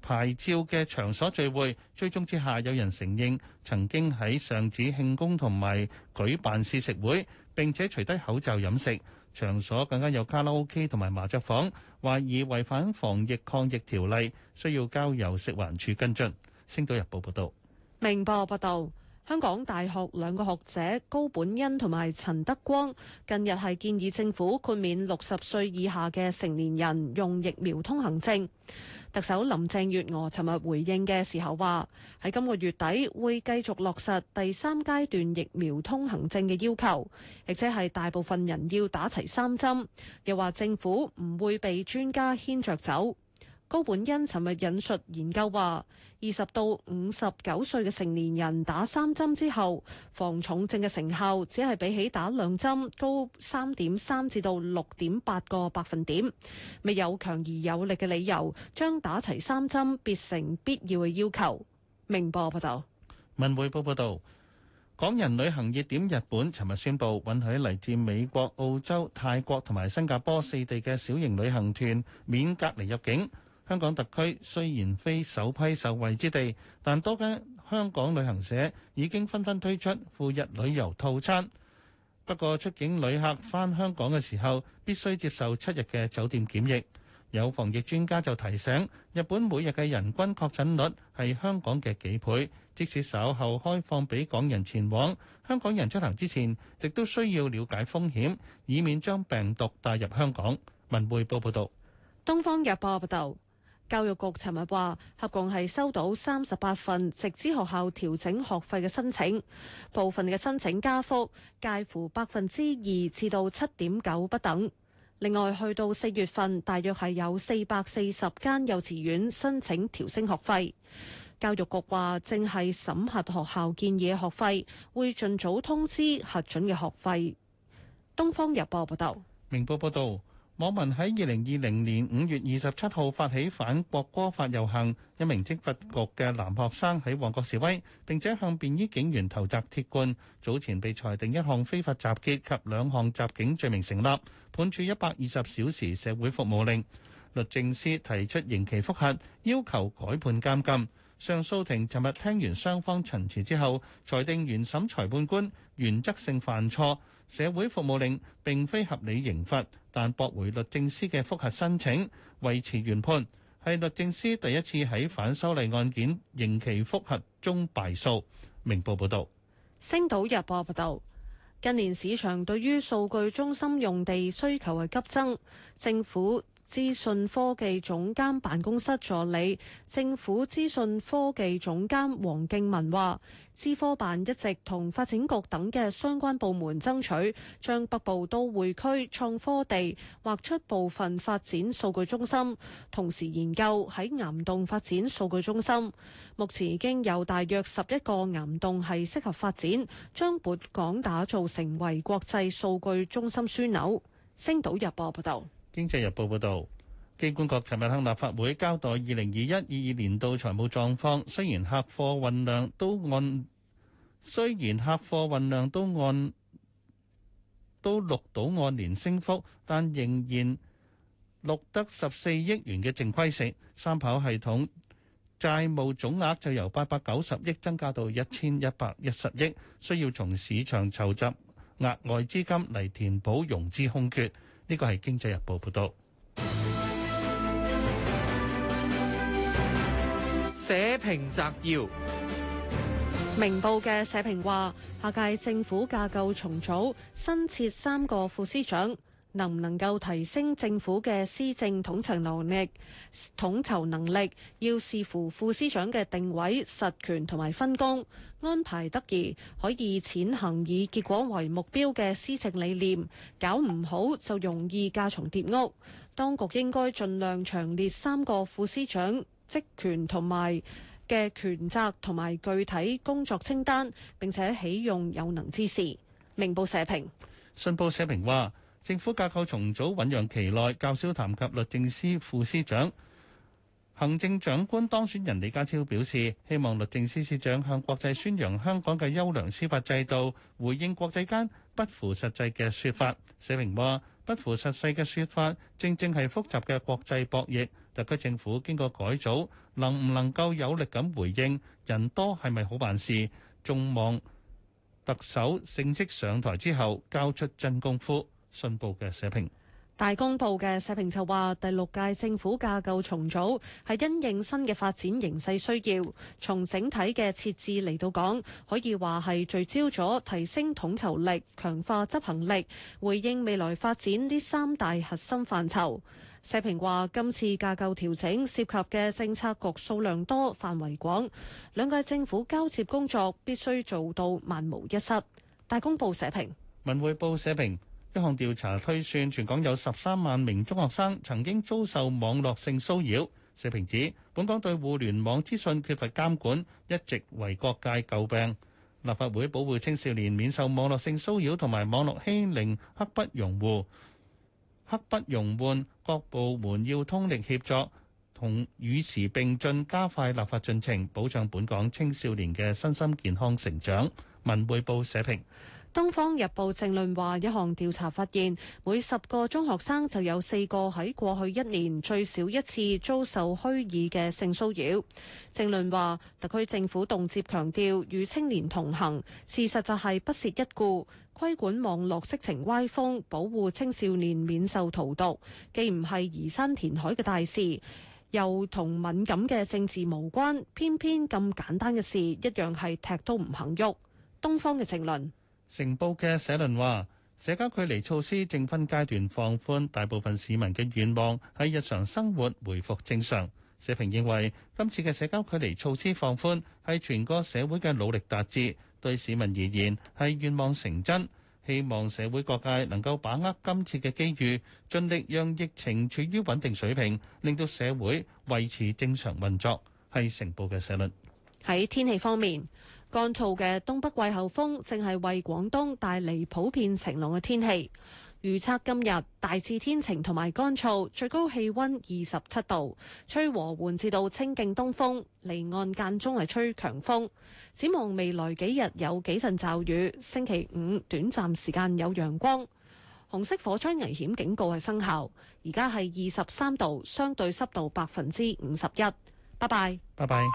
牌照嘅場所聚會，追蹤之下有人承認曾經喺上址慶功同埋舉辦試食會，並且除低口罩飲食。場所更加有卡拉 O K 同埋麻雀房，懷疑違反防疫抗疫條例，需要交由食環署跟進。星島日報報道。明報報道。香港大學兩個學者高本恩同埋陳德光近日係建議政府豁免六十歲以下嘅成年人用疫苗通行證。特首林鄭月娥尋日回應嘅時候話：喺今個月底會繼續落實第三階段疫苗通行證嘅要求，亦即係大部分人要打齊三針，又話政府唔會被專家牽着走。高本恩尋日引述研究話：二十到五十九歲嘅成年人打三針之後，防重症嘅成效只係比起打兩針高三點三至到六點八個百分點，未有強而有力嘅理由將打齊三針變成必要嘅要求。明報報道。文匯報報道，港人旅行熱點日本尋日宣布允許嚟自美國、澳洲、泰國同埋新加坡四地嘅小型旅行團免隔離入境。香港特區雖然非首批受惠之地，但多間香港旅行社已經紛紛推出赴日旅遊套餐。不過，出境旅客返香港嘅時候必須接受七日嘅酒店檢疫。有防疫專家就提醒，日本每日嘅人均確診率係香港嘅幾倍。即使稍後開放俾港人前往，香港人出行之前亦都需要了解風險，以免將病毒帶入香港。文匯報報道。東方日報報導。教育局尋日話，合共係收到三十八份直資學校調整學費嘅申請，部分嘅申請加幅介乎百分之二至到七點九不等。另外，去到四月份，大約係有四百四十間幼稚園申請調升學費。教育局話，正係審核學校建議嘅學費，會盡早通知核准嘅學費。東方日報報道。明報報導。網民喺二零二零年五月二十七號發起反國歌法遊行，一名職法局嘅男學生喺旺角示威，並且向便衣警員投擲鐵罐。早前被裁定一項非法集結及兩項襲警罪名成立，判處一百二十小時社會服務令。律政司提出刑期覆核，要求改判監禁。上訴庭尋日聽完雙方陳詞之後，裁定原審裁判官原則性犯錯，社會服務令並非合理刑罰。但駁回律政司嘅覆核申請，維持原判，係律政司第一次喺反修例案件刑期覆核中敗訴。明報報道。星島日報報道，近年市場對於數據中心用地需求嘅急增，政府。資訊科技總監辦公室助理、政府資訊科技總監黃敬文話，資科辦一直同發展局等嘅相關部門爭取，將北部都會區創科地劃出部分發展數據中心，同時研究喺岩洞發展數據中心。目前已經有大約十一個岩洞係適合發展，將本港打造成為國際數據中心樞紐。星島日報報道。經濟日報報導，機管局尋日向立法會交代二零二一二二年度財務狀況。雖然客貨運量都按雖然客貨運量都按都錄到按年升幅，但仍然錄得十四億元嘅淨虧蝕。三跑系統債務總額就由八百九十億增加到一千一百一十億，需要從市場籌集額外資金嚟填補融資空缺。呢個係《經濟日報》報道，社評摘要。明報嘅社評話，下屆政府架構重組，新設三個副司長，能唔能夠提升政府嘅施政統籌能力、統籌能力，要視乎副司長嘅定位、實權同埋分工。安排得宜，可以踐行以結果為目標嘅施政理念；搞唔好就容易架重疊屋。當局應該盡量長列三個副司長職權同埋嘅權責同埋具體工作清單，並且起用有能之士，明報社評。信報社評話，政府架構重組醞釀期內較少談及律政司副司長。行政長官當選人李家超表示，希望律政司司長向國際宣揚香港嘅優良司法制度，回應國際間不符實際嘅説法。社評話，不符實際嘅説法，正正係複雜嘅國際博弈。特區政府經過改組，能唔能夠有力咁回應？人多係咪好辦事？仲望特首正式上台之後，交出真功夫。信報嘅社評。大公報嘅社評就話：第六屆政府架構重組係因應新嘅發展形勢需要，從整體嘅設置嚟到講，可以話係聚焦咗提升統籌力、強化執行力，回應未來發展呢三大核心範疇。社評話：今次架構調整涉及嘅政策局數量多、範圍廣，兩屆政府交接工作必須做到萬無一失。大公報社評，文匯報社評。一項調查推算，全港有十三萬名中學生曾經遭受網絡性騷擾。社評指，本港對互聯網資訊缺乏監管，一直為各界詬病。立法會保護青少年免受網絡性騷擾同埋網絡欺凌，刻不容緩，刻不容緩。各部門要通力協作，同與時並進，加快立法進程，保障本港青少年嘅身心健康成長。文匯報社評。《東方日報》政論話，一項調查發現，每十個中學生就有四個喺過去一年最少一次遭受虛擬嘅性騷擾。政論話，特區政府動輒強調與青年同行，事實就係不屑一顧。規管網絡色情歪風，保護青少年免受荼毒，既唔係移山填海嘅大事，又同敏感嘅政治無關。偏偏咁簡單嘅事，一樣係踢都唔肯喐。東方嘅政論。成報嘅社論話：社交距離措施正分階段放寬，大部分市民嘅願望喺日常生活回復正常。社評認為今次嘅社交距離措施放寬係全個社會嘅努力達致，對市民而言係願望成真。希望社會各界能夠把握今次嘅機遇，盡力讓疫情處於穩定水平，令到社會維持正常運作。係成報嘅社論。喺天氣方面。乾燥嘅東北季候風正係為廣東帶嚟普遍晴朗嘅天氣。預測今日大致天晴同埋乾燥，最高氣溫二十七度，吹和緩至到清勁東風，離岸間中係吹強風。展望未來幾日有幾陣驟雨，星期五短暫時間有陽光。紅色火災危險警告係生效，而家係二十三度，相對濕度百分之五十一。拜拜。拜拜。